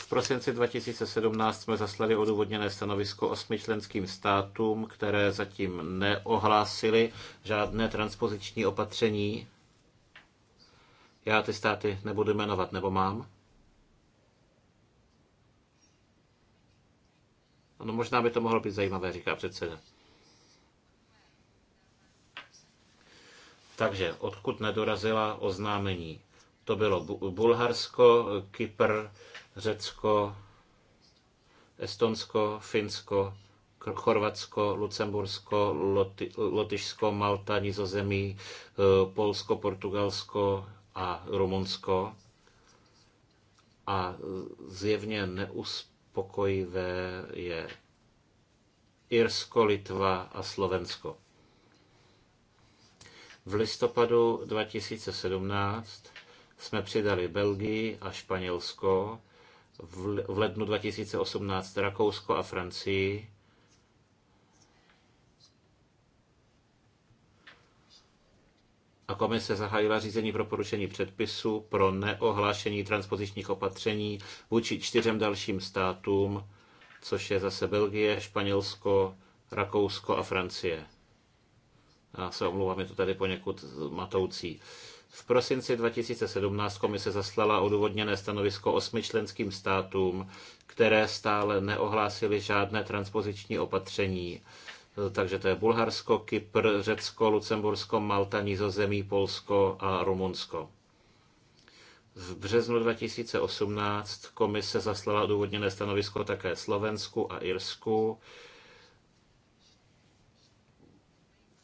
Speaker 2: prosinci 2017 jsme zaslali odůvodněné stanovisko osmi členským státům, které zatím neohlásili žádné transpoziční opatření. Já ty státy nebudu jmenovat, nebo mám? No možná by to mohlo být zajímavé, říká předseda. Takže odkud nedorazila oznámení? To bylo Bulharsko, Kypr, Řecko, Estonsko, Finsko, Chorvatsko, Lucembursko, Loty, Lotyšsko, Malta, Nizozemí, eh, Polsko, Portugalsko a Rumunsko. A eh, zjevně neuspokojivé je Irsko, Litva a Slovensko. V listopadu 2017 jsme přidali Belgii a Španělsko v lednu 2018 Rakousko a Francii. A komise zahájila řízení pro porušení předpisu pro neohlášení transpozičních opatření vůči čtyřem dalším státům, což je zase Belgie, Španělsko, Rakousko a Francie. Já se omlouvám, je to tady poněkud matoucí. Uh, v prosinci 2017 komise zaslala odůvodněné stanovisko osmi členským státům, které stále neohlásily žádné transpoziční opatření. Takže to je Bulharsko, Kypr, Řecko, Lucembursko, Malta, Nizozemí, Polsko a Rumunsko. V březnu 2018 komise zaslala odůvodněné stanovisko také Slovensku a Irsku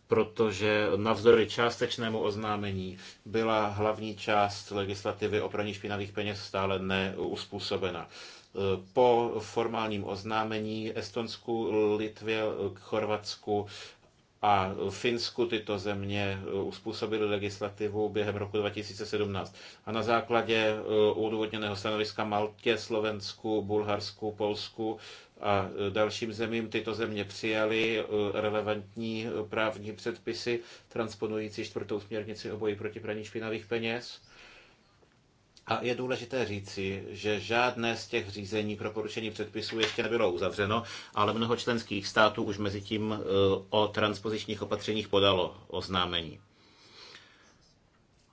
Speaker 2: protože navzdory částečnému oznámení byla hlavní část legislativy o praní špinavých peněz stále neuspůsobena. Po formálním oznámení Estonsku, Litvě, Chorvatsku a Finsku tyto země uspůsobily legislativu během roku 2017. A na základě eh, odůvodněného stanoviska Maltě, Slovensku, Bulharsku, Polsku a e, dalším zemím tyto země přijaly e, relevantní e, právní předpisy transponující čtvrtou směrnici o boji proti praní špinavých peněz. A je důležité říci, že žádné z těch řízení pro porušení předpisů ještě nebylo uzavřeno, ale mnoho členských států už mezi tím o transpozičních opatřeních podalo oznámení.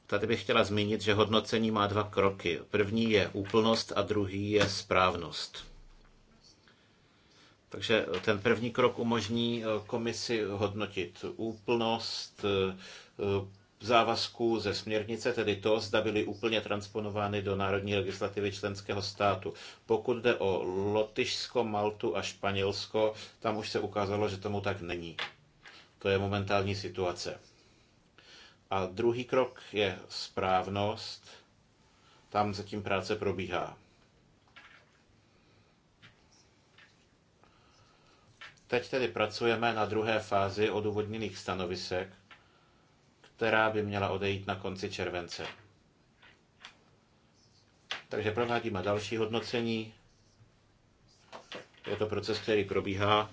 Speaker 2: Tady bych chtěla zmínit, že hodnocení má dva kroky. První je úplnost a druhý je správnost. Takže ten první krok umožní eh, komisi hodnotit úplnost eh, eh, závazků ze směrnice, tedy to, zda byly úplně transponovány do národní legislativy členského státu. Pokud jde o Lotyšsko, Maltu a Španělsko, tam už se ukázalo, že tomu tak není. To je momentální situace. A druhý krok je správnost. Tam zatím práce probíhá. Teď tedy pracujeme na druhé fázi odůvodněných stanovisek, která by měla odejít na konci července. Takže provádíme další hodnocení. Je to proces, který probíhá.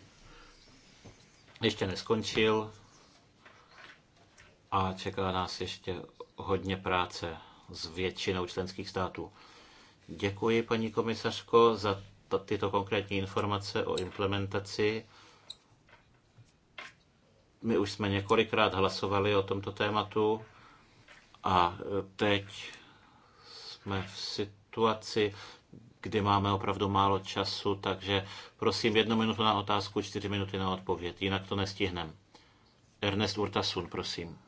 Speaker 2: Ještě neskončil a čeká nás ještě hodně práce s většinou členských států. Děkuji, paní komisařko, za tyto konkrétní informace o implementaci. My už jsme několikrát hlasovali o tomto tématu a e, teď jsme v situaci, kdy máme opravdu málo času, takže prosím jednu minutu na otázku, čtyři minuty na odpověď, jinak to nestihneme. Ernest Urtasun, prosím.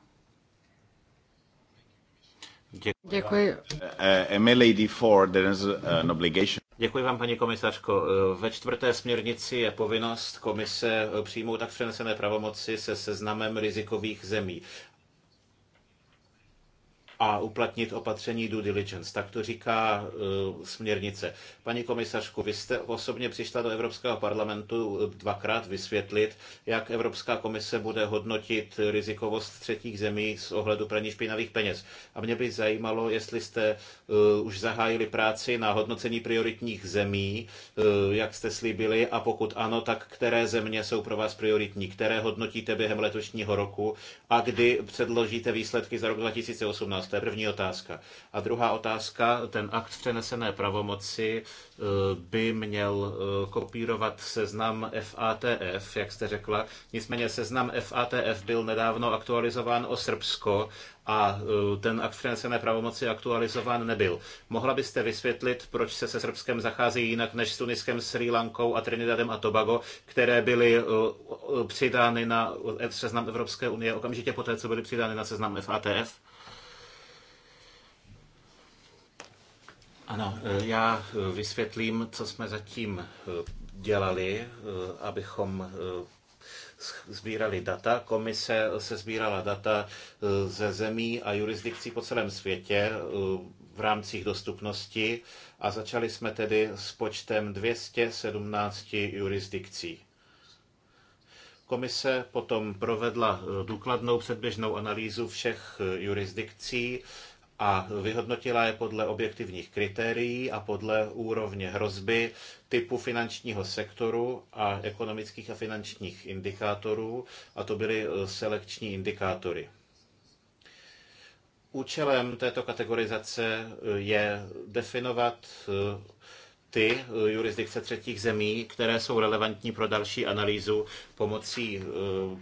Speaker 5: Děkuji. Děkuji. Uh, uh MLAD4, there is uh, an obligation.
Speaker 2: Děkuji vám, paní komisařko. Ve čtvrté směrnici je povinnost komise přijmout tak přenesené pravomoci se seznamem rizikových zemí a uplatnit opatření due diligence. Tak to říká uh, směrnice. Paní komisařku, vy jste osobně přišla do Evropského parlamentu eh, dvakrát vysvětlit, jak Evropská komise bude hodnotit rizikovost třetích zemí z ohledu praní špinavých peněz. A mě by zajímalo, jestli jste uh, už zahájili práci na hodnocení prioritních zemí, uh, jak jste slíbili, a pokud ano, tak které země jsou pro vás prioritní, které hodnotíte během letošního roku a kdy předložíte výsledky za rok 2018. To je první otázka. A druhá otázka, ten akt přenesené pravomoci eh, by měl eh, kopírovat seznam FATF, jak jste řekla. Nicméně seznam FATF byl nedávno aktualizován o Srbsko a eh, ten akt přenesené pravomoci aktualizován nebyl. Mohla byste vysvětlit, proč se se Srbskem zachází jinak než s Tuniskem, Sri Lankou a Trinidadem a Tobago, které byly přidány na seznam Evropské unie okamžitě poté, co byly přidány na seznam FATF? Ano, eh, já eh, vysvětlím, co jsme zatím eh, dělali, abychom sbírali data. Komise se sbírala data ze zemí a jurisdikcí po celém světě v rámcích dostupnosti a začali jsme tedy s počtem 217 jurisdikcí. Komise potom provedla důkladnou předběžnou analýzu všech jurisdikcí a vyhodnotila je podle objektivních kritérií a podle úrovně hrozby, typu finančního sektoru a ekonomických a finančních indikátorů, a to byly eh, selekční indikátory. Účelem této kategorizace eh, je definovat eh, ty eh, jurisdikce třetích zemí, které jsou relevantní pro další analýzu pomocí eh,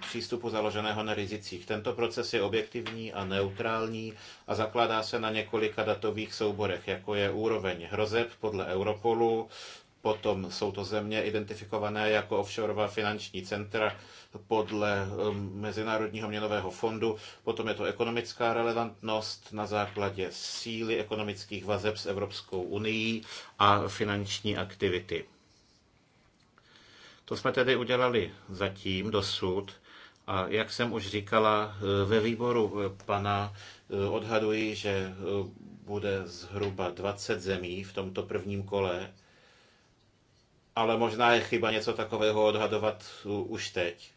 Speaker 2: přístupu založeného na rizicích. Tento proces je objektivní a neutrální a zakládá se na několika datových souborech, jako je úroveň hrozeb podle Europolu, Potom jsou to země identifikované jako offshoreová finanční centra podle um, Mezinárodního měnového fondu. Potom je to ekonomická relevantnost na základě síly ekonomických vazeb s Evropskou unii a finanční aktivity. To jsme tedy udělali zatím dosud. A jak jsem už říkala eh, ve výboru eh, pana, eh, odhaduji, že bude zhruba 20 zemí v tomto prvním kole ale možná je chyba něco takového odhadovat už teď,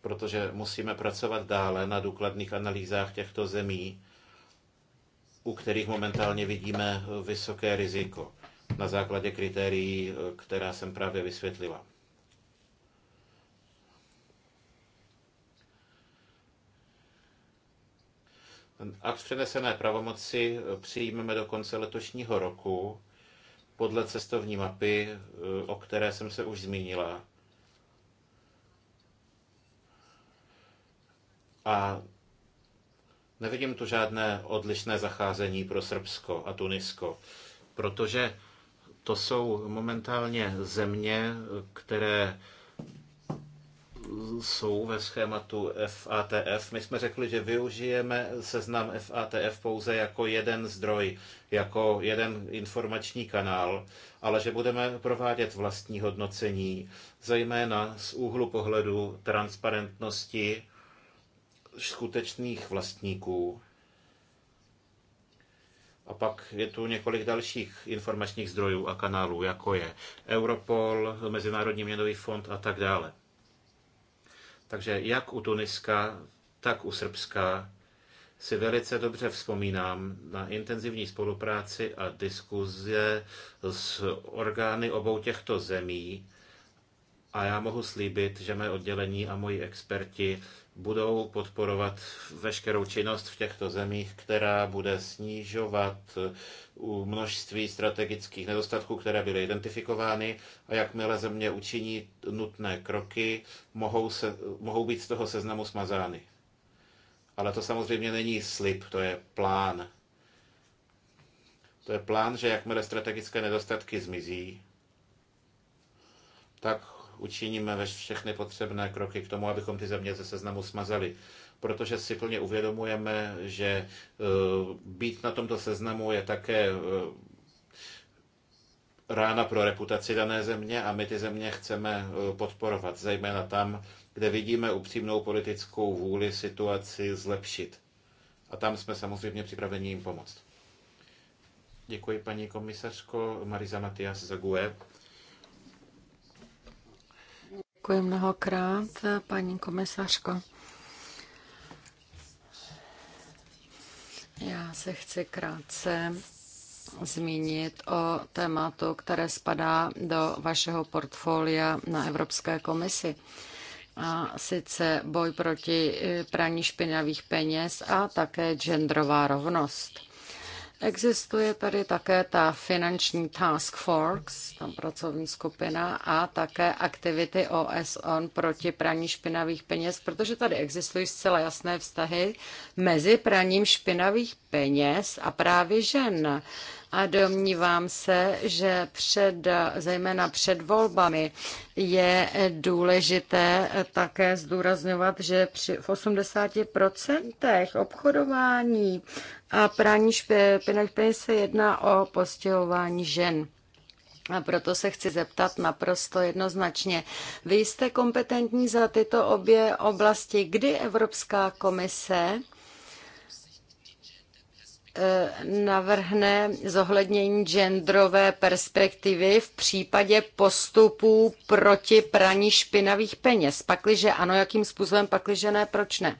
Speaker 2: protože musíme pracovat dále na důkladných analýzách těchto zemí, u kterých momentálně vidíme vysoké riziko na základě kritérií, která jsem právě vysvětlila. Akt přenesené pravomoci přijmeme do konce letošního roku podle cestovní mapy, eh, o které jsem se už zmínila. A nevidím tu žádné odlišné zacházení pro Srbsko a Tunisko, protože to jsou momentálně země, které jsou ve schématu FATF. My jsme řekli, že využijeme seznam FATF pouze jako jeden zdroj, jako jeden informační kanál, ale že budeme provádět vlastní hodnocení, zejména z úhlu pohledu transparentnosti skutečných vlastníků. A pak je tu několik dalších informačních zdrojů a kanálů, jako je Europol, Mezinárodní měnový fond a tak dále. Takže jak u Tuniska, tak u Srbska si velice dobře vzpomínám na intenzivní spolupráci a diskuze s orgány obou těchto zemí a já mohu slíbit, že mé oddělení a moji experti budou podporovat veškerou činnost v těchto zemích, která bude snižovat uh, množství strategických nedostatků, které byly identifikovány a jakmile země učiní nutné kroky, mohou, se, mohou být z toho seznamu smazány. Ale to samozřejmě není slib, to je plán. To je plán, že jakmile strategické nedostatky zmizí, tak učiníme všechny potřebné kroky k tomu, abychom ty země ze seznamu smazali protože si plně uvědomujeme, že e, být na tomto seznamu je také e, rána pro reputaci dané země a my ty země chceme e, podporovat, zejména tam, kde vidíme upřímnou politickou vůli situaci zlepšit. A tam jsme samozřejmě připraveni jim pomoct. Děkuji paní komisařko Mariza Matias Zague.
Speaker 3: Děkuji mnohokrát, paní komisařko. Já se chci krátce zmínit o tématu, které spadá do vašeho portfolia na Evropské komisi. A sice boj proti praní špinavých peněz a také genderová rovnost. Existuje tady také ta finanční task force, tam pracovní skupina a také aktivity OSN proti praní špinavých peněz, protože tady existují zcela jasné vztahy mezi praním špinavých peněz a právě žen. A domnívám se, že před, zejména před volbami je důležité také zdůrazňovat, že při, v 80% obchodování a prání špinavých peněz se jedná o postihování žen. A proto se chci zeptat naprosto jednoznačně. Vy jste kompetentní za tyto obě oblasti. Kdy Evropská komise eh, navrhne zohlednění genderové perspektivy v případě postupů proti praní špinavých peněz? Pakliže ano, jakým způsobem, pakliže ne, proč ne?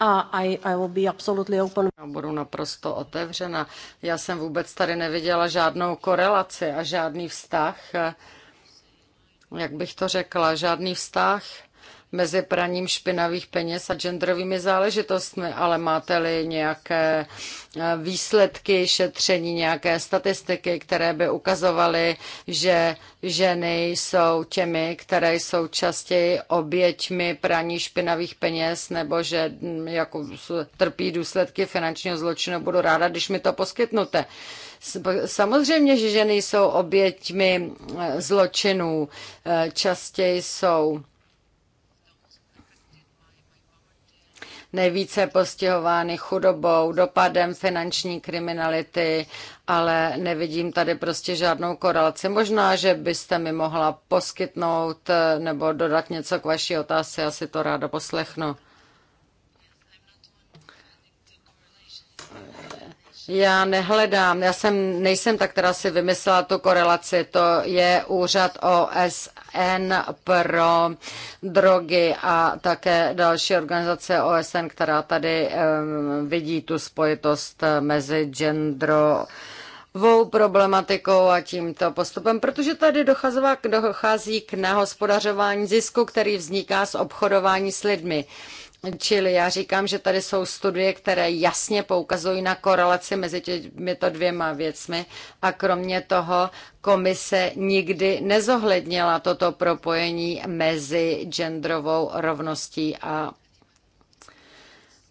Speaker 3: A I, I will be absolutely open. Budu naprosto otevřena. Já jsem vůbec tady neviděla žádnou korelaci a žádný vztah. Eh, jak bych to řekla, žádný vztah mezi praním špinavých peněz a genderovými záležitostmi, ale máte-li nějaké eh, výsledky šetření, nějaké statistiky, které by ukazovaly, že ženy jsou těmi, které jsou častěji oběťmi praní špinavých peněz nebo že mm, jako trpí důsledky finančního zločinu, budu ráda, když mi to poskytnete. Samozřejmě, že ženy jsou oběťmi eh, zločinů, eh, častěji jsou nejvíce postihovány chudobou, dopadem finanční kriminality, ale nevidím tady prostě žádnou korelaci. Možná, že byste mi mohla poskytnout eh, nebo dodat něco k vaší otázce, já si to ráda poslechnu. Já nehledám, já jsem, nejsem ta, která si vymyslela tu korelaci, to je úřad OSN pro drogy a také další organizace OSN, která tady um, vidí tu spojitost eh, mezi genderovou problematikou a tímto postupem, protože tady dochází k nahospodařování zisku, který vzniká z obchodování s lidmi. Čili já říkám, že tady jsou studie, které jasně poukazují na korelaci mezi těmito dvěma věcmi a kromě toho komise nikdy nezohlednila toto propojení mezi genderovou rovností a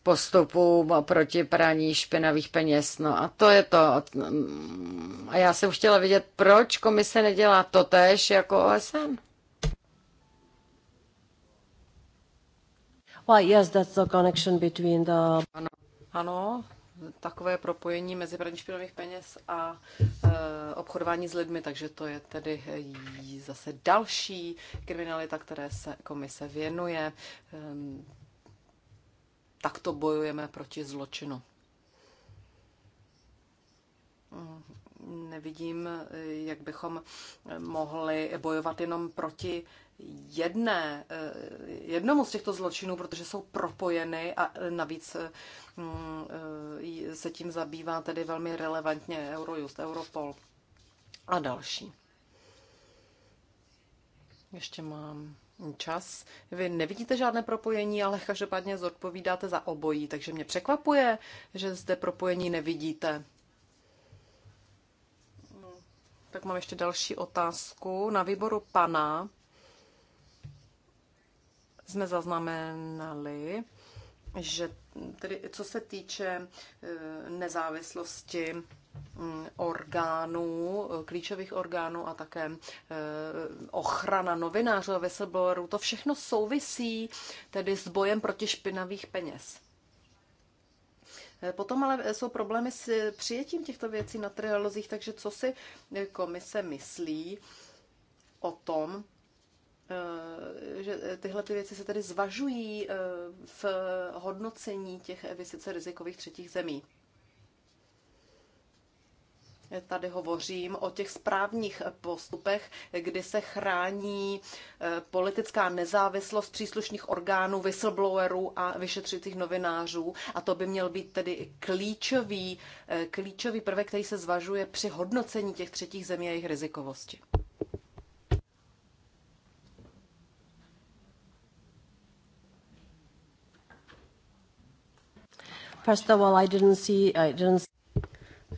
Speaker 3: postupů proti praní špinavých peněz. No a to je to. A já jsem chtěla vidět, proč komise nedělá totéž jako OSN. Ano,
Speaker 4: takové propojení mezi praní špinavých peněz a e, obchodování s lidmi, takže to je tedy e, zase další kriminalita, které se komise věnuje. E, ehm, takto bojujeme proti zločinu. Mm, nevidím, jak bychom mohli bojovat jenom proti jedné, jednomu z těchto zločinů, protože jsou propojeny a navíc mm, se tím zabývá tedy velmi relevantně Eurojust, Europol a další. Ještě mám čas. Vy nevidíte žádné propojení, ale každopádně zodpovídáte za obojí, takže mě překvapuje, že zde propojení nevidíte. Tak mám ještě další otázku. Na výboru pana jsme zaznamenali, že tedy, co se týče e, nezávislosti mm, orgánů, e, klíčových orgánů a také e, ochrana novinářů a whistleblowerů, to všechno souvisí tedy s bojem proti špinavých peněz. Potom ale jsou problémy s přijetím těchto věcí na trialozích, takže co si komise myslí o tom, eh, že tyhle ty věci se tedy zvažují eh, v hodnocení těch vysice rizikových třetích zemí. Tady hovořím o těch správních postupech, kdy se chrání eh, politická nezávislost příslušných orgánů, whistleblowerů a vyšetřujících novinářů. A to by měl být tedy klíčový, eh, klíčový prvek, který se zvažuje při hodnocení těch třetích zemí a jejich rizikovosti.
Speaker 3: First of all, I
Speaker 4: didn't see, I didn't see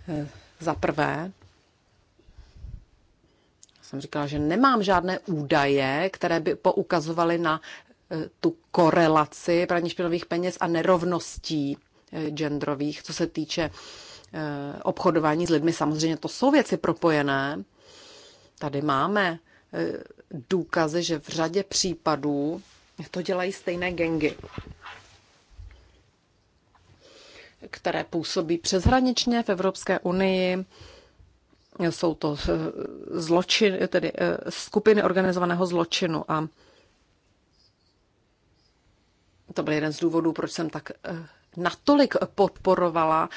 Speaker 4: eh, za prvé, jsem říkala, že nemám žádné údaje, které by poukazovaly na eh, tu korelaci praní špinových peněz a nerovností eh, genderových, co se týče eh, obchodování s lidmi. Samozřejmě to jsou věci propojené. Tady máme důkazy, že v řadě případů to dělají stejné gengy které působí přeshraničně v Evropské unii. Jsou to eh, zločin, tedy eh, skupiny organizovaného zločinu a to byl jeden z důvodů, proč jsem tak eh, natolik podporovala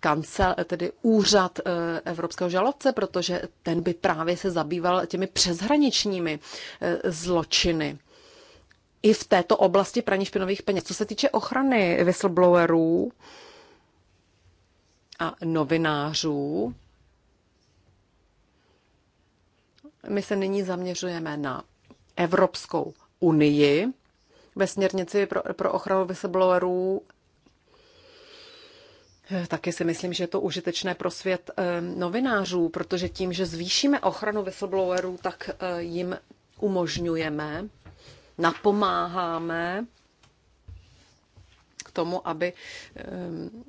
Speaker 4: kancel, tedy úřad evropského žalobce, protože ten by právě se zabýval těmi přeshraničními zločiny i v této oblasti praní špinových peněz. Co se týče ochrany whistleblowerů a novinářů, my se nyní zaměřujeme na Evropskou unii ve směrnici pro, pro ochranu whistleblowerů. Eh, taky si myslím, že je to užitečné pro svět eh, novinářů, protože tím, že zvýšíme ochranu whistleblowerů, tak eh, jim umožňujeme napomáháme k tomu, aby ehm,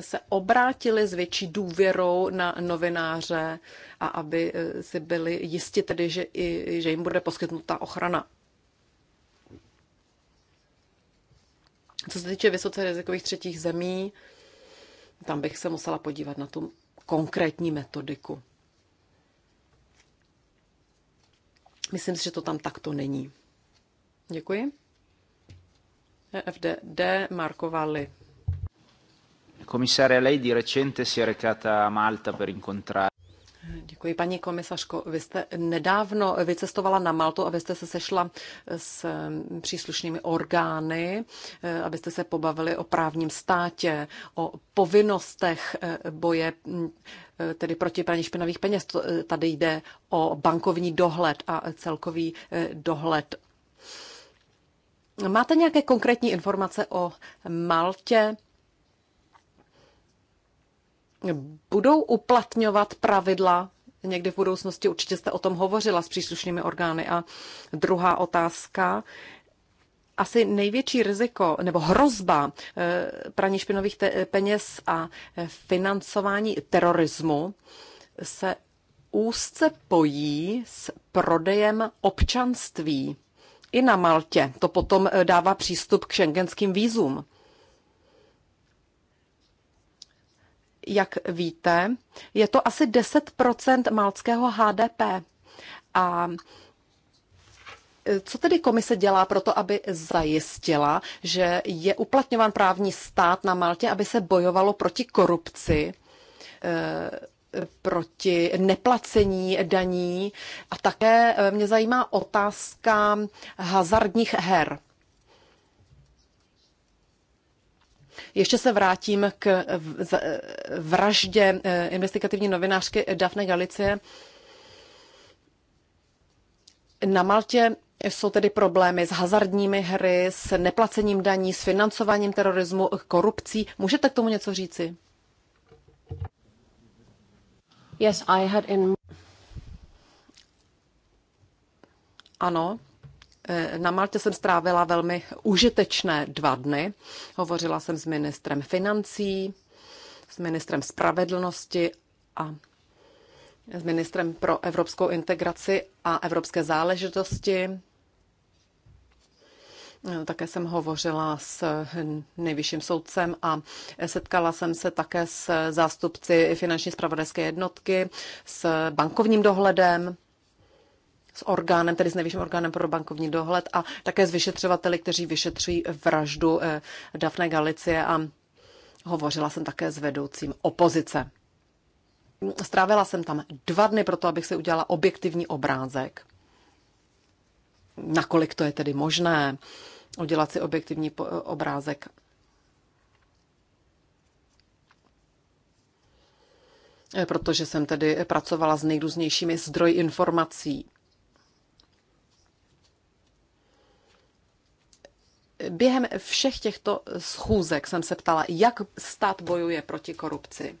Speaker 4: se obrátili s větší důvěrou na novináře a aby eh, si byli jisti tedy, že, i, že jim bude poskytnuta ochrana. Co se týče vysoce rizikových třetích zemí, tam bych se musela podívat na tu konkrétní metodiku. Myslím si, že to tam takto není. Děkuji. E FDD Markovali. Valli.
Speaker 5: Commissaria, lei di recente si è recata a Malta per incontrare
Speaker 4: Děkuji, paní komisařko. Vy jste nedávno vycestovala na Maltu, abyste se sešla s mm, příslušnými orgány, eh, abyste se pobavili o právním státě, o povinnostech eh, boje mm, eh, tedy proti praní špinavých peněz. Tady jde o bankovní dohled a celkový dohled. Máte nějaké konkrétní informace o Maltě? budou uplatňovat pravidla někdy v budoucnosti. Určitě jste o tom hovořila s příslušnými orgány. A druhá otázka. Asi největší riziko nebo hrozba eh, praní špinových peněz a eh, financování terorismu se úzce pojí s prodejem občanství. I na Maltě to potom eh, dává přístup k šengenským vízům. jak víte, je to asi 10 malckého HDP. A e, co tedy komise dělá pro to, aby zajistila, že je uplatňován právní stát na Maltě, aby se bojovalo proti korupci, e, proti neplacení daní? A také e, mě zajímá otázka hazardních her. Ještě se vrátím k vraždě eh, investigativní novinářky Dafne Galicie. Na Maltě jsou tedy problémy s hazardními hry, s neplacením daní, s financováním terorismu, korupcí. Můžete k tomu něco říci? Yes, I had in... Ano, Eh, na Maltě jsem strávila velmi užitečné dva dny. Hovořila jsem s ministrem financí, s ministrem spravedlnosti a s ministrem pro evropskou integraci a evropské záležitosti. Eh, také jsem hovořila s nejvyšším soudcem a setkala jsem se také s zástupci finanční spravodajské jednotky, s bankovním dohledem s orgánem, tedy s nejvyšším orgánem pro bankovní dohled a také s vyšetřovateli, kteří vyšetřují vraždu eh, Dafne Galicie a hovořila jsem také s vedoucím opozice. Strávila jsem tam dva dny proto, abych si udělala objektivní obrázek. Nakolik to je tedy možné, udělat si objektivní obrázek eh, protože jsem tedy pracovala s nejrůznějšími zdroji informací. Během všech těchto schůzek jsem se ptala, jak stát bojuje proti korupci.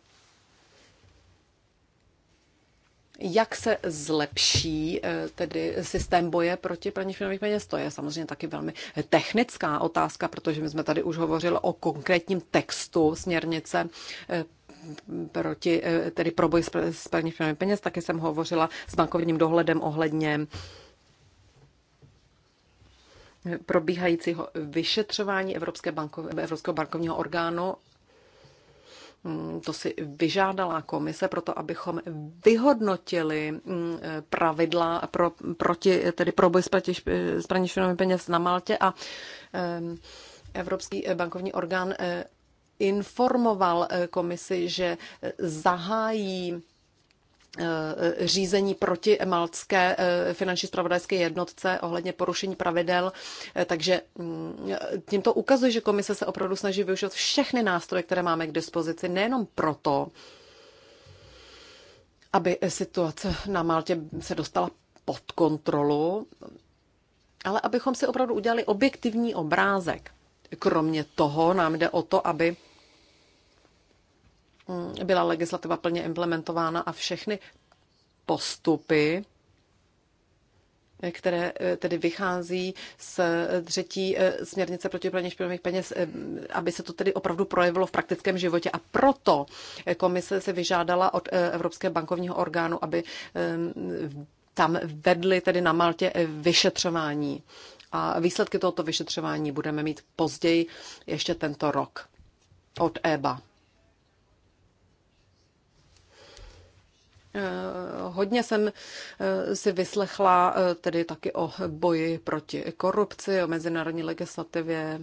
Speaker 4: Jak se zlepší eh, tedy systém boje proti praní špinavých peněz? To je samozřejmě taky velmi technická otázka, protože my jsme tady už hovořili o konkrétním textu směrnice eh, proti, eh, tedy pro boj s praní špinavých peněz. Taky jsem hovořila s bankovním dohledem ohledně probíhajícího vyšetřování Evropské bankov, Evropského bankovního orgánu. Mm, to si vyžádala komise proto, abychom vyhodnotili mm, pravidla pro, proti, tedy pro boj s praní peněz na Maltě a Evropský bankovní orgán eh, informoval eh, komisi, že eh, zahájí Eh, eh, řízení proti maltské eh, finanční spravodajské jednotce ohledně porušení pravidel. Takže mm, tím to ukazuje, že komise se opravdu snaží využít všechny nástroje, které máme k dispozici, nejenom proto, aby situace na Maltě se dostala pod kontrolu, ale abychom si opravdu udělali objektivní obrázek. Kromě toho nám jde o to, aby byla legislativa plně implementována a všechny postupy, které eh, tedy vychází z eh, třetí eh, směrnice proti praní špinavých peněz, aby se to tedy opravdu projevilo v praktickém životě. A proto komise se vyžádala od Evropské bankovního orgánu, aby tam vedli tedy na Maltě vyšetřování. A výsledky tohoto vyšetřování budeme mít později ještě tento rok od EBA. Eh, hodně jsem eh, si vyslechla eh, tedy taky o boji proti korupci, o mezinárodní legislativě.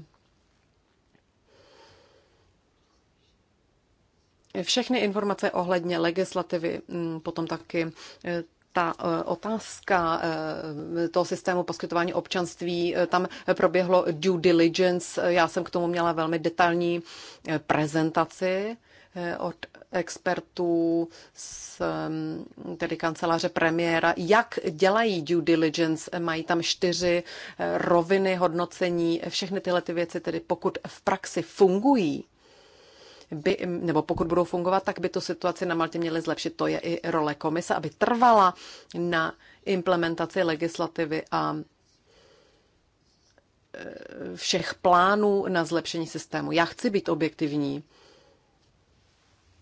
Speaker 4: Všechny informace ohledně legislativy, hm, potom taky ta otázka toho systému poskytování občanství, tam proběhlo due diligence. Já jsem k tomu měla velmi detailní prezentaci. Eh, od expertů z mm, tedy kanceláře premiéra, jak dělají due diligence. Eh, mají tam čtyři eh, roviny hodnocení. Všechny tyhle ty věci, tedy pokud v praxi fungují, by, mm, nebo pokud budou fungovat, tak by tu situaci na Maltě měly zlepšit. To je i role komise, aby trvala na implementaci legislativy a všech plánů na zlepšení systému. Já chci být objektivní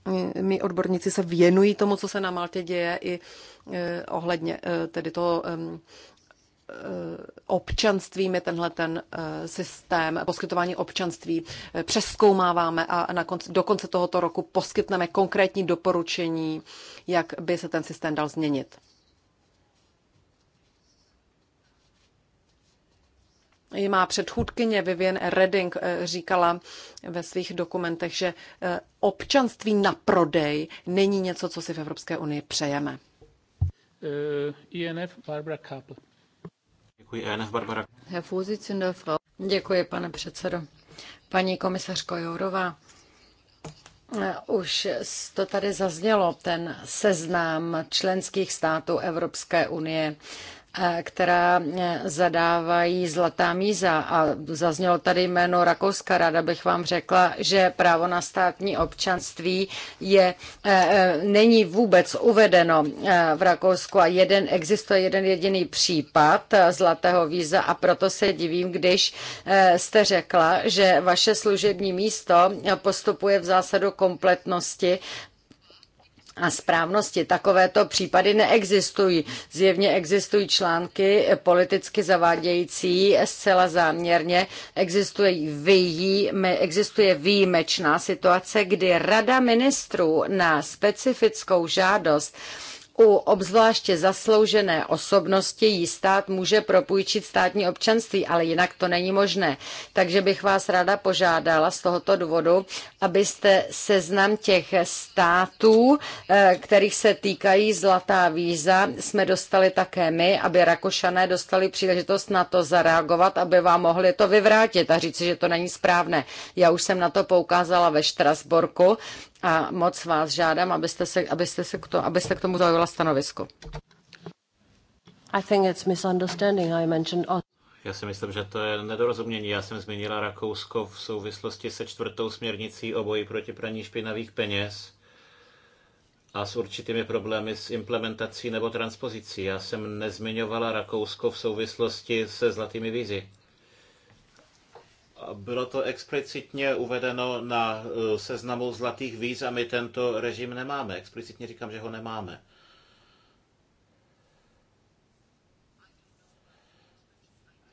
Speaker 4: Eh, my odborníci se věnují tomu, co se na Maltě děje i eh, ohledně eh, tedy toho občanstvím je tenhle ten systém poskytování občanství. Přeskoumáváme a na konci, do konce tohoto roku poskytneme konkrétní doporučení, jak by se ten systém dal změnit. i má předchůdkyně Vivian Redding eh, říkala eh, ve svých dokumentech, že eh, občanství na prodej není něco, co si v Evropské unii přejeme.
Speaker 1: Uh, INF Barbara Kappel.
Speaker 2: Děkuji, INF Barbara.
Speaker 3: Děkuji, pane předsedo. Paní komisařko Jourová, už to tady zaznělo, ten seznam členských států Evropské unie která e, zadávají zlatá míza. A zaznělo tady jméno Rakouska. Ráda bych vám řekla, že právo na státní občanství je, e, e, není vůbec uvedeno v Rakousku a jeden, existuje jeden jediný případ zlatého víza a proto se divím, když jste řekla, že vaše služební místo postupuje v zásadu kompletnosti a správnosti. Takovéto případy neexistují. Zjevně existují články politicky zavádějící zcela záměrně. Existuje, výjime, existuje výjimečná situace, kdy Rada ministrů na specifickou žádost u obzvláště zasloužené osobnosti jí stát může propůjčit státní občanství, ale jinak to není možné. Takže bych vás ráda požádala z tohoto důvodu, abyste seznam těch států, eh, kterých se týkají zlatá víza, jsme dostali také my, aby Rakošané dostali příležitost na to zareagovat, aby vám mohli to vyvrátit a říci, že to není správné. Já už jsem na to poukázala ve Štrasborku a moc vás žádám, abyste se, abyste se k, to, abyste k tomu zaujala stanovisko. I think it's misunderstanding. I mentioned...
Speaker 2: Já si myslím, že to je nedorozumění. Já jsem zmínila Rakousko v souvislosti se čtvrtou směrnicí o boji proti praní špinavých peněz a s určitými problémy s implementací nebo transpozicí. Já jsem nezmiňovala Rakousko v souvislosti se zlatými vízy bylo to explicitně uvedeno na eh, seznamu zlatých víz a my tento režim nemáme. Explicitně říkám, že ho nemáme.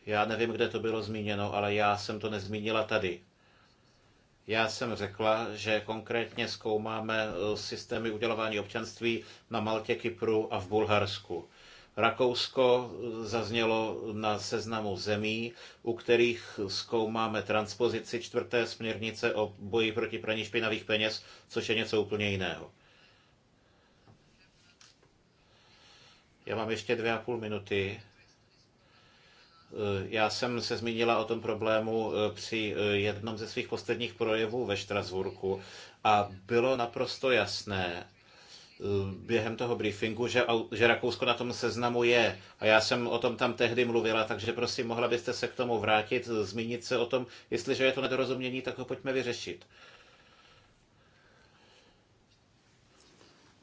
Speaker 2: Já nevím, kde to bylo zmíněno, ale já jsem to nezmínila tady. Já jsem řekla, že konkrétně zkoumáme eh, systémy udělování občanství na Maltě, Kypru a v Bulharsku. Rakousko zaznělo na seznamu zemí, u kterých zkoumáme transpozici čtvrté směrnice o boji proti praní špinavých peněz, což je něco úplně jiného. Já mám ještě dvě a půl minuty. Já jsem se zmínila o tom problému eh, při eh, jednom ze svých posledních projevů ve Štrasburku a bylo naprosto jasné, Eh, během toho briefingu, že, že Rakousko na tom seznamu je. A já jsem o tom tam tehdy mluvila, takže prosím, mohla byste se k tomu vrátit, eh, zmínit se o tom. Jestliže je to nedorozumění, tak ho pojďme vyřešit.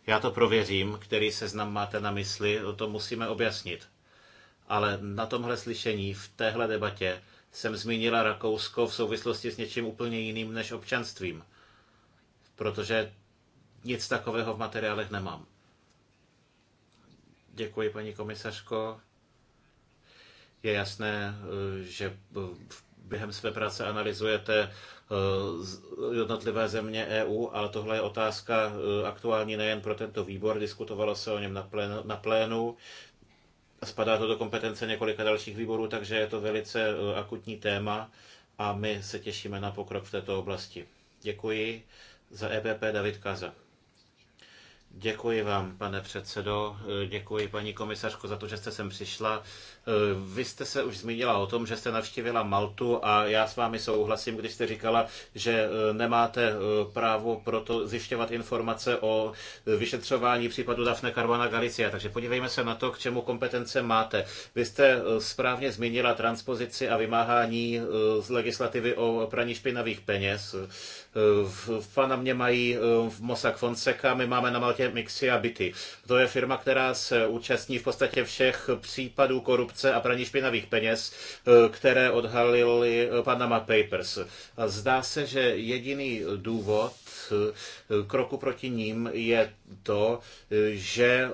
Speaker 2: Já to prověřím, který seznam máte na mysli, to musíme objasnit. Ale na tomhle slyšení, v téhle debatě, jsem zmínila Rakousko v souvislosti s něčím úplně jiným než občanstvím. Protože nic takového v materiálech nemám. Děkuji, paní komisařko. Je jasné, že během své práce analyzujete eh, jednotlivé země EU, ale tohle je otázka eh, aktuální nejen pro tento výbor, diskutovalo se o něm na plénu, na plénu. Spadá to do kompetence několika dalších výborů, takže je to velice eh, akutní téma a my se těšíme na pokrok v této oblasti. Děkuji za EPP David Kaza. Děkuji vám, pane předsedo. Děkuji paní komisařko za to, že jste sem přišla. Eh, vy jste se už zmínila o tom, že jste navštívila Maltu a já s vámi souhlasím, když jste říkala, že eh, nemáte eh, právo pro to zjišťovat informace o vyšetřování případu Dafne Caruana Galicia. Takže podívejme se na to, k čemu kompetence máte. Vy jste správně zmínila transpozici a vymáhání z legislativy o praní špinavých peněz. V Panamě mají v Mossack Fonseca, my máme na Maltě Mixia Bity. To je firma, která se účastní v podstatě všech případů korupce korupce a praní špinavých peněz, eh, které odhalili eh, Panama Papers. A zdá se, že jediný důvod eh, kroku proti ním je to, že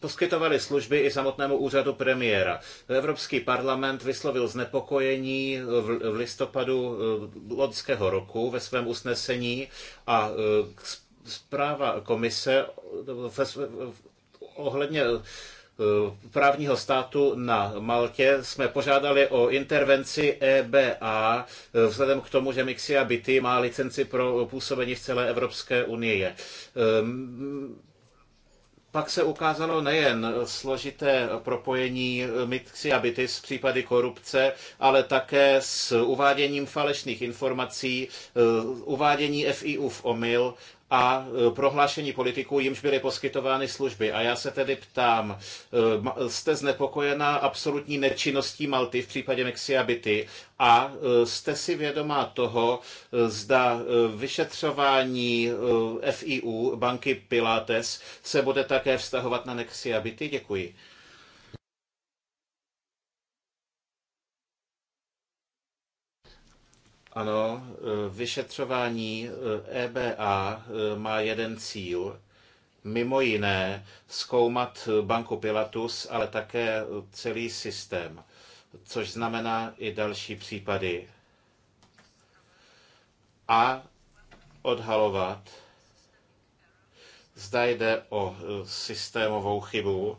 Speaker 2: poskytovali služby i samotnému úřadu premiéra. Evropský parlament vyslovil znepokojení v listopadu loňského roku ve svém usnesení a zpráva komise ohledně Eh, právního státu na Maltě jsme požádali o intervenci EBA eh, vzhledem k tomu, že Mixia Bity má licenci pro působení v celé Evropské unii. Eh, pak se ukázalo nejen složité propojení Mixia Bity s případy korupce, ale také s uváděním falešných informací, uvádění FIU v omyl a e, prohlášení politiků, jimž byly poskytovány služby. A já se tedy ptám, e, jste znepokojena absolutní nečinností Malty v případě Mexia Bity a e, jste si vědomá toho, zda vyšetřování FIU banky Pilates se bude také vztahovat na Nexia Bity? Děkuji. Ano, eh, vyšetřování EBA eh, e eh, má jeden cíl, mimo jiné zkoumat banku Pilatus, ale také celý systém, což znamená i další případy. A odhalovat, zda jde o systémovou chybu,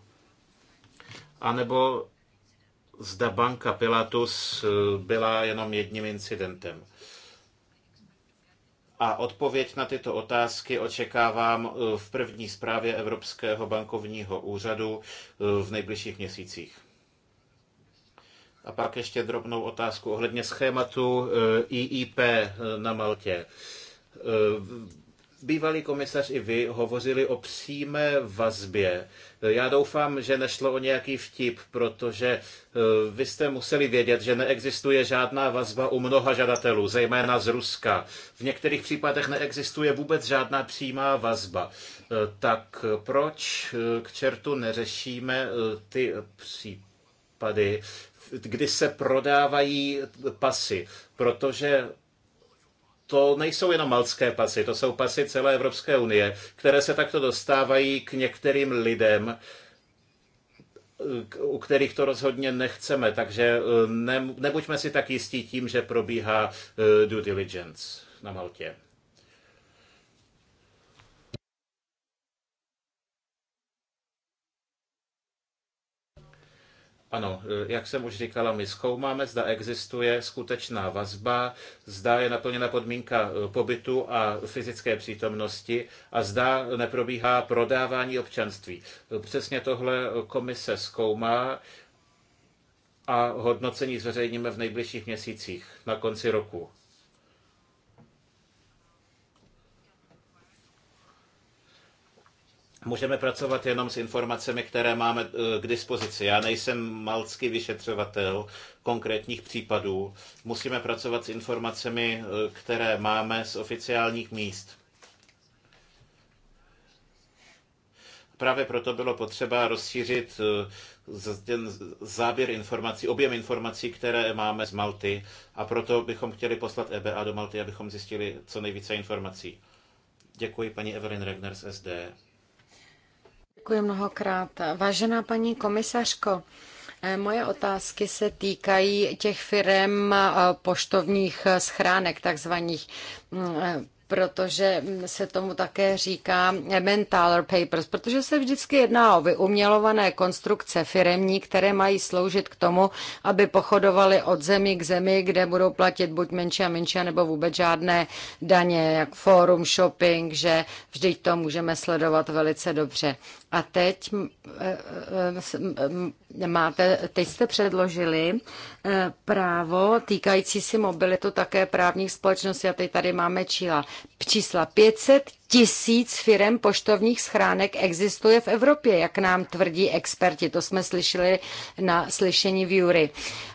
Speaker 2: anebo zda banka Pilatus eh, byla jenom jedním incidentem. A odpověď na tyto otázky očekávám eh, v první zprávě Evropského bankovního úřadu eh, v nejbližších měsících. A pak ještě drobnou otázku ohledně schématu IIP na Maltě Bývalý komisař i vy hovořili o přímé vazbě. Já doufám, že nešlo o nějaký vtip, protože e, vy jste museli vědět, že neexistuje žádná vazba u mnoha žadatelů, zejména z Ruska. V některých případech neexistuje vůbec žádná přímá vazba. E, tak proč e, k čertu neřešíme ty případy, kdy se prodávají pasy? Protože to nejsou jenom malské pasy, to jsou pasy celé Evropské unie, které se takto dostávají k některým lidem, u kterých to rozhodně nechceme. Takže eh, ne, nebuďme si tak jistí tím, že probíhá eh, due diligence na Maltě. Ano, eh, jak jsem už říkala, my zkoumáme, zda existuje skutečná vazba, zda je naplněna podmínka eh, pobytu a fyzické přítomnosti a zda neprobíhá prodávání občanství. Eh, přesně tohle komise zkoumá a hodnocení zveřejníme v nejbližších měsících na konci roku. Můžeme pracovat jenom s informacemi, které máme eh, k dispozici. Já nejsem malcký vyšetřovatel konkrétních případů. Musíme pracovat s informacemi, eh, které máme z oficiálních míst. Právě proto bylo potřeba rozšířit eh, ten záběr informací, objem informací, které máme z Malty a proto bychom chtěli poslat EBA do Malty, abychom zjistili co nejvíce informací. Děkuji paní Evelyn Regner z SD. E.
Speaker 3: Děkuji mnohokrát. Vážená paní komisařko, eh, Moje otázky se týkají těch firm eh, poštovních eh, schránek, takzvaných. Mm, protože mm, se tomu také říká Mentaler Papers, protože se vždycky jedná o vyumělované konstrukce firemní, které mají sloužit k tomu, aby pochodovaly od zemi k zemi, kde budou platit buď menší a menší, nebo vůbec žádné daně, jak forum, shopping, že vždyť to můžeme sledovat velice dobře. A teď mm, eh, eh, mm, máte, teď jste předložili eh, právo týkající si mobilitu také právních společností a teď tady máme čísla. čísla 500 tisíc firem poštovních schránek existuje v Evropě, jak nám tvrdí experti. To jsme slyšeli na slyšení v Jury.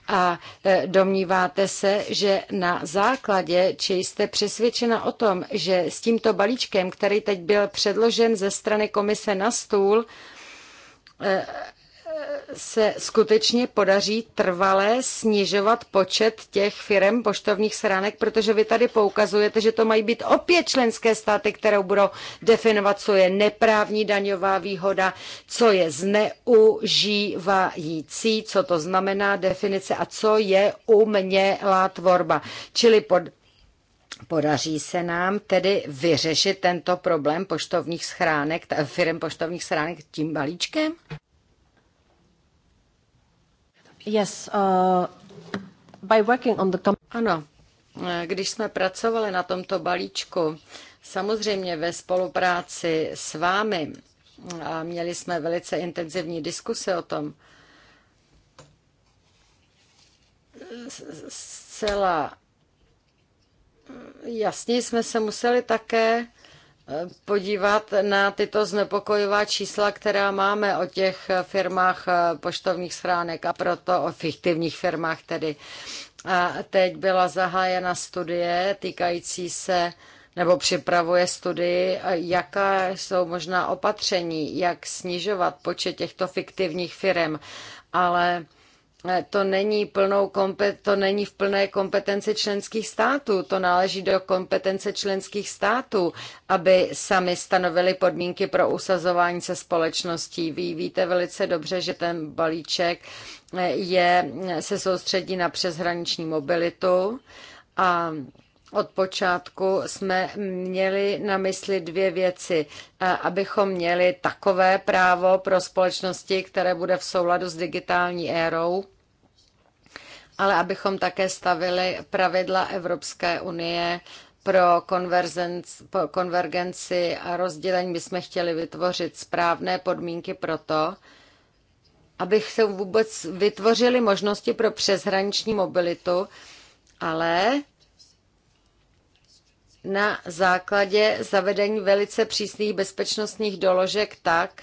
Speaker 3: A eh, domníváte se, že na základě, či jste přesvědčena o tom, že s tímto balíčkem, který teď byl předložen ze strany komise na stůl, eh, se skutečně podaří trvalé snižovat počet těch firm poštovních schránek, protože vy tady poukazujete, že to mají být opět členské státy, které budou definovat, co je neprávní daňová výhoda, co je zneužívající, co to znamená definice a co je umělá tvorba. Čili pod, Podaří se nám tedy vyřešit tento problém poštovních schránek, firm poštovních schránek tím balíčkem?
Speaker 4: Yes, uh, by working on the ano,
Speaker 3: když jsme pracovali na tomto balíčku, samozřejmě ve spolupráci s vámi, a měli jsme velice intenzivní diskuse o tom, zcela jasně jsme se museli také podívat na tyto znepokojivá čísla, která máme o těch firmách eh, poštovních schránek a proto o fiktivních firmách tedy. A teď byla zahájena studie týkající se nebo připravuje studii, eh, jaká jsou možná opatření, jak snižovat počet těchto fiktivních firm, ale to není, plnou to není v plné kompetenci členských států, to náleží do kompetence členských států, aby sami stanovili podmínky pro usazování se společností. Vy víte velice dobře, že ten balíček eh, je, se soustředí na přeshraniční mobilitu a od počátku jsme měli na mysli dvě věci. Abychom měli takové právo pro společnosti, které bude v souladu s digitální érou, ale abychom také stavili pravidla Evropské unie pro konvergenci a rozdělení. My jsme chtěli vytvořit správné podmínky pro to, abych se vůbec vytvořili možnosti pro přeshraniční mobilitu, ale na základě zavedení velice přísných bezpečnostních doložek tak,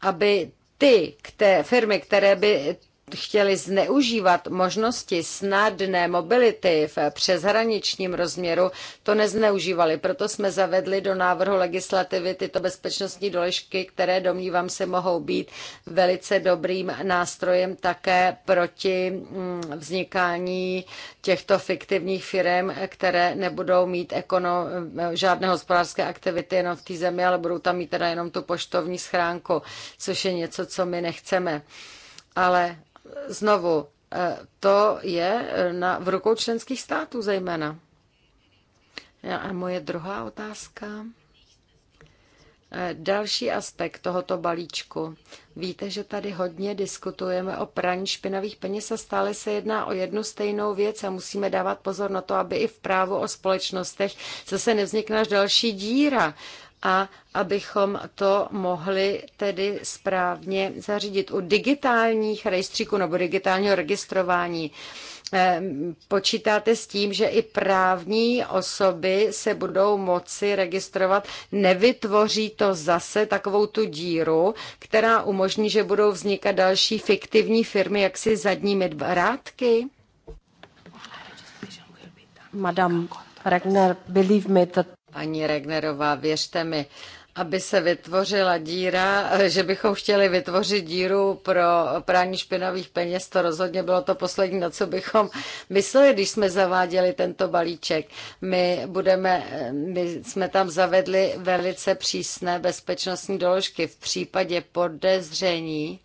Speaker 3: aby ty které, firmy, které by chtěli zneužívat možnosti snadné mobility v přeshraničním rozměru, to nezneužívali. Proto jsme zavedli do návrhu legislativy tyto bezpečnostní doležky, které domnívám se mohou být velice dobrým nástrojem také proti mm, vznikání těchto fiktivních firm, které nebudou mít ekono, žádné hospodářské aktivity jenom v té zemi, ale budou tam mít teda jenom tu poštovní schránku, což je něco, co my nechceme. Ale Znovu, eh, to je eh, na, v rukou členských států zejména. A moje druhá otázka. Eh, další aspekt tohoto balíčku. Víte, že tady hodně diskutujeme o praní špinavých peněz a stále se jedná o jednu stejnou věc a musíme dávat pozor na to, aby i v právu o společnostech zase nevznikla další díra a abychom to mohli tedy správně zařídit. U digitálních rejstříků nebo digitálního registrování eh, počítáte s tím, že i právní osoby se budou moci registrovat. Nevytvoří to zase takovou tu díru, která umožní, že budou vznikat další fiktivní firmy jak si zadními vrátky? Madam Regner, believe me that Paní Regnerová, věřte mi, aby se vytvořila díra, že bychom chtěli vytvořit díru pro prání špinavých peněz, to rozhodně bylo to poslední, na co bychom mysleli, když jsme zaváděli tento balíček. My, budeme, my jsme tam zavedli velice přísné bezpečnostní doložky. V případě podezření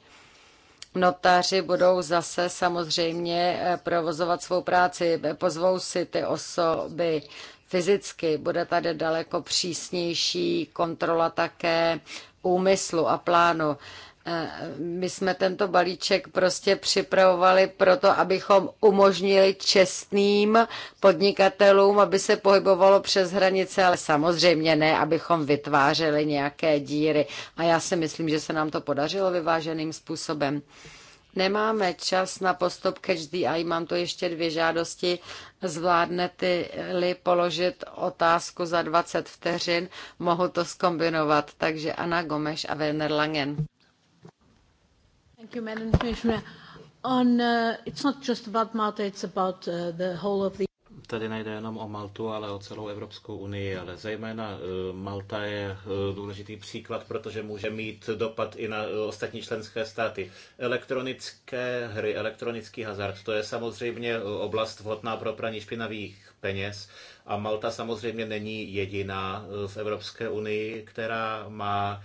Speaker 3: Notáři budou zase samozřejmě provozovat svou práci, pozvou si ty osoby fyzicky. Bude tady daleko přísnější kontrola také úmyslu a plánu. Eh, my jsme tento balíček prostě připravovali proto, abychom umožnili čestným podnikatelům, aby se pohybovalo přes hranice, ale samozřejmě ne, abychom vytvářeli nějaké díry. A já si myslím, že se nám to podařilo vyváženým způsobem. Nemáme čas na postup Catch the Eye, mám tu ještě dvě žádosti. Zvládnete-li položit otázku za 20 vteřin, mohu to zkombinovat. Takže Anna Gomeš a Werner Langen.
Speaker 4: Thank you, Madam Commissioner. On, uh, it's not just about Malta, it's about uh, the whole of the
Speaker 2: tady nejde jenom o Maltu, ale o celou Evropskou unii, ale zejména eh, Malta je eh, důležitý příklad, protože může mít dopad i na eh, ostatní členské státy. Elektronické hry, elektronický hazard, to je samozřejmě oblast vhodná pro praní špinavých peněz a Malta samozřejmě není jediná v Evropské unii, která má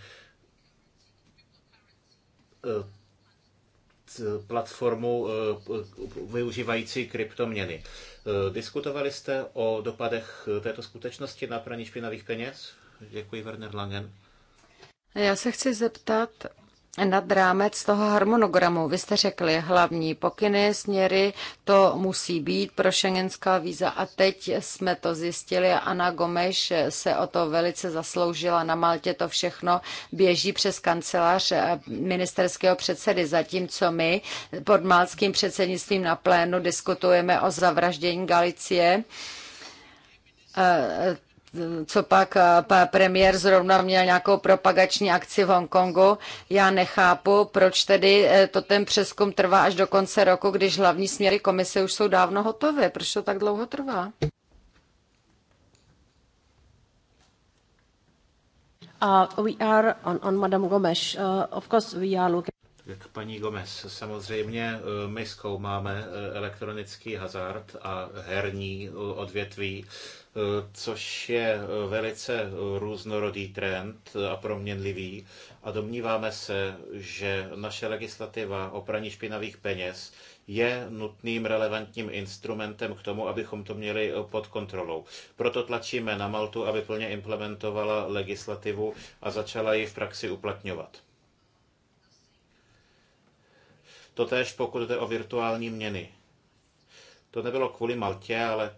Speaker 2: platformu využívající kryptoměny. Eh, diskutovali jste o dopadech eh, této skutečnosti na praní špinavých peněz? Děkuji, Werner Langen.
Speaker 3: Já se chci zeptat, nad rámec toho harmonogramu. Vy jste řekli hlavní pokyny, směry, to musí být pro šengenská víza a teď jsme to zjistili a Ana Gomeš se o to velice zasloužila. Na Maltě to všechno běží přes kancelář ministerského předsedy, zatímco my pod malským předsednictvím na plénu diskutujeme o zavraždění Galicie co pak eh, premiér zrovna měl nějakou propagační akci v Hongkongu. Já nechápu, proč tedy eh, to ten přeskum trvá až do konce roku, když hlavní směry komise už jsou dávno hotové. Proč to tak dlouho trvá?
Speaker 4: Uh, we are on, on Madame Gomes. Uh, of course we are looking
Speaker 2: k paní Gomez. Samozřejmě eh, my zkoumáme elektronický hazard a herní odvětví což je eh, velice eh, různorodý trend a proměnlivý. A domníváme se, že naše legislativa o praní špinavých peněz je nutným relevantním instrumentem k tomu, abychom to měli eh, pod kontrolou. Proto tlačíme na Maltu, aby plně implementovala legislativu a začala ji v praxi uplatňovat. Totéž pokud jde o virtuální měny. To nebylo kvůli Maltě, ale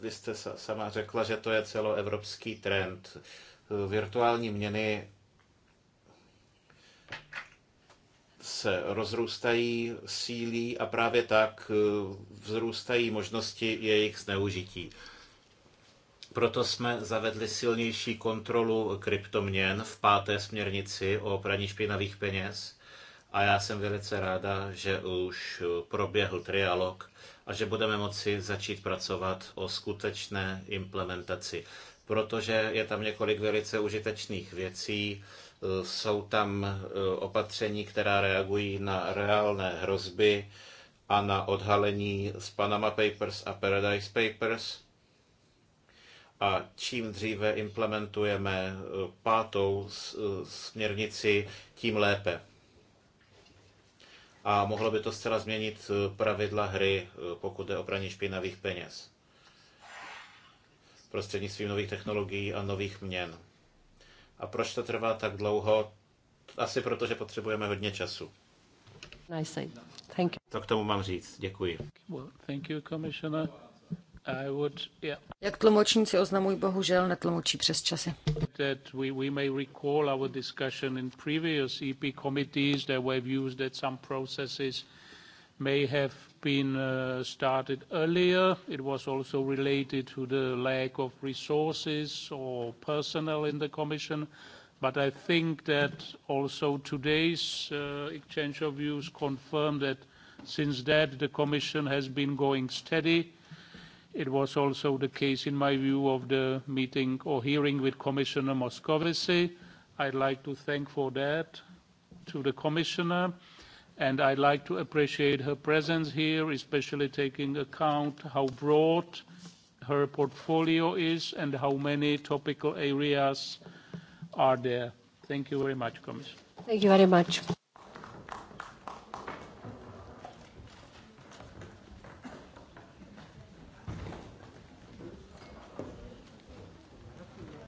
Speaker 2: vy jste sama řekla, že to je celoevropský trend. Virtuální měny se rozrůstají, sílí a právě tak eh, vzrůstají možnosti jejich zneužití. Proto jsme zavedli silnější kontrolu kryptoměn v páté směrnici o praní špinavých peněz a já jsem velice ráda, že už eh, proběhl trialog a že budeme moci začít pracovat o skutečné implementaci, protože je tam několik velice užitečných věcí, eh, jsou tam eh, opatření, která reagují na reálné hrozby a na odhalení z Panama Papers a Paradise Papers. A čím dříve implementujeme pátou směrnici, tím lépe a mohlo by to zcela změnit eh, pravidla hry, eh, pokud jde o praní špinavých peněz prostřednictvím nových technologií a nových měn. A proč to trvá tak dlouho? Asi proto, že potřebujeme hodně času.
Speaker 3: Nice. Thank you.
Speaker 2: To k tomu mám říct. Děkuji.
Speaker 1: Well, thank you, Commissioner.
Speaker 3: Jak tlumočníci oznamují, bohužel netlumočí přes časy.
Speaker 1: That we, may recall our discussion in previous EP committees, there were views that some processes may have been uh, started earlier. It was also related to the lack of resources or personnel in the Commission. But I think that also today's uh, exchange of views confirmed that since that the Commission has been going steady It was also the case, in my view, of the meeting or hearing with Commissioner Moscovici. I'd like to thank for that to the Commissioner, and I'd like to appreciate her presence here, especially taking account how broad her portfolio is and how many topical areas are there. Thank you very much, Commissioner.
Speaker 3: Thank you very much.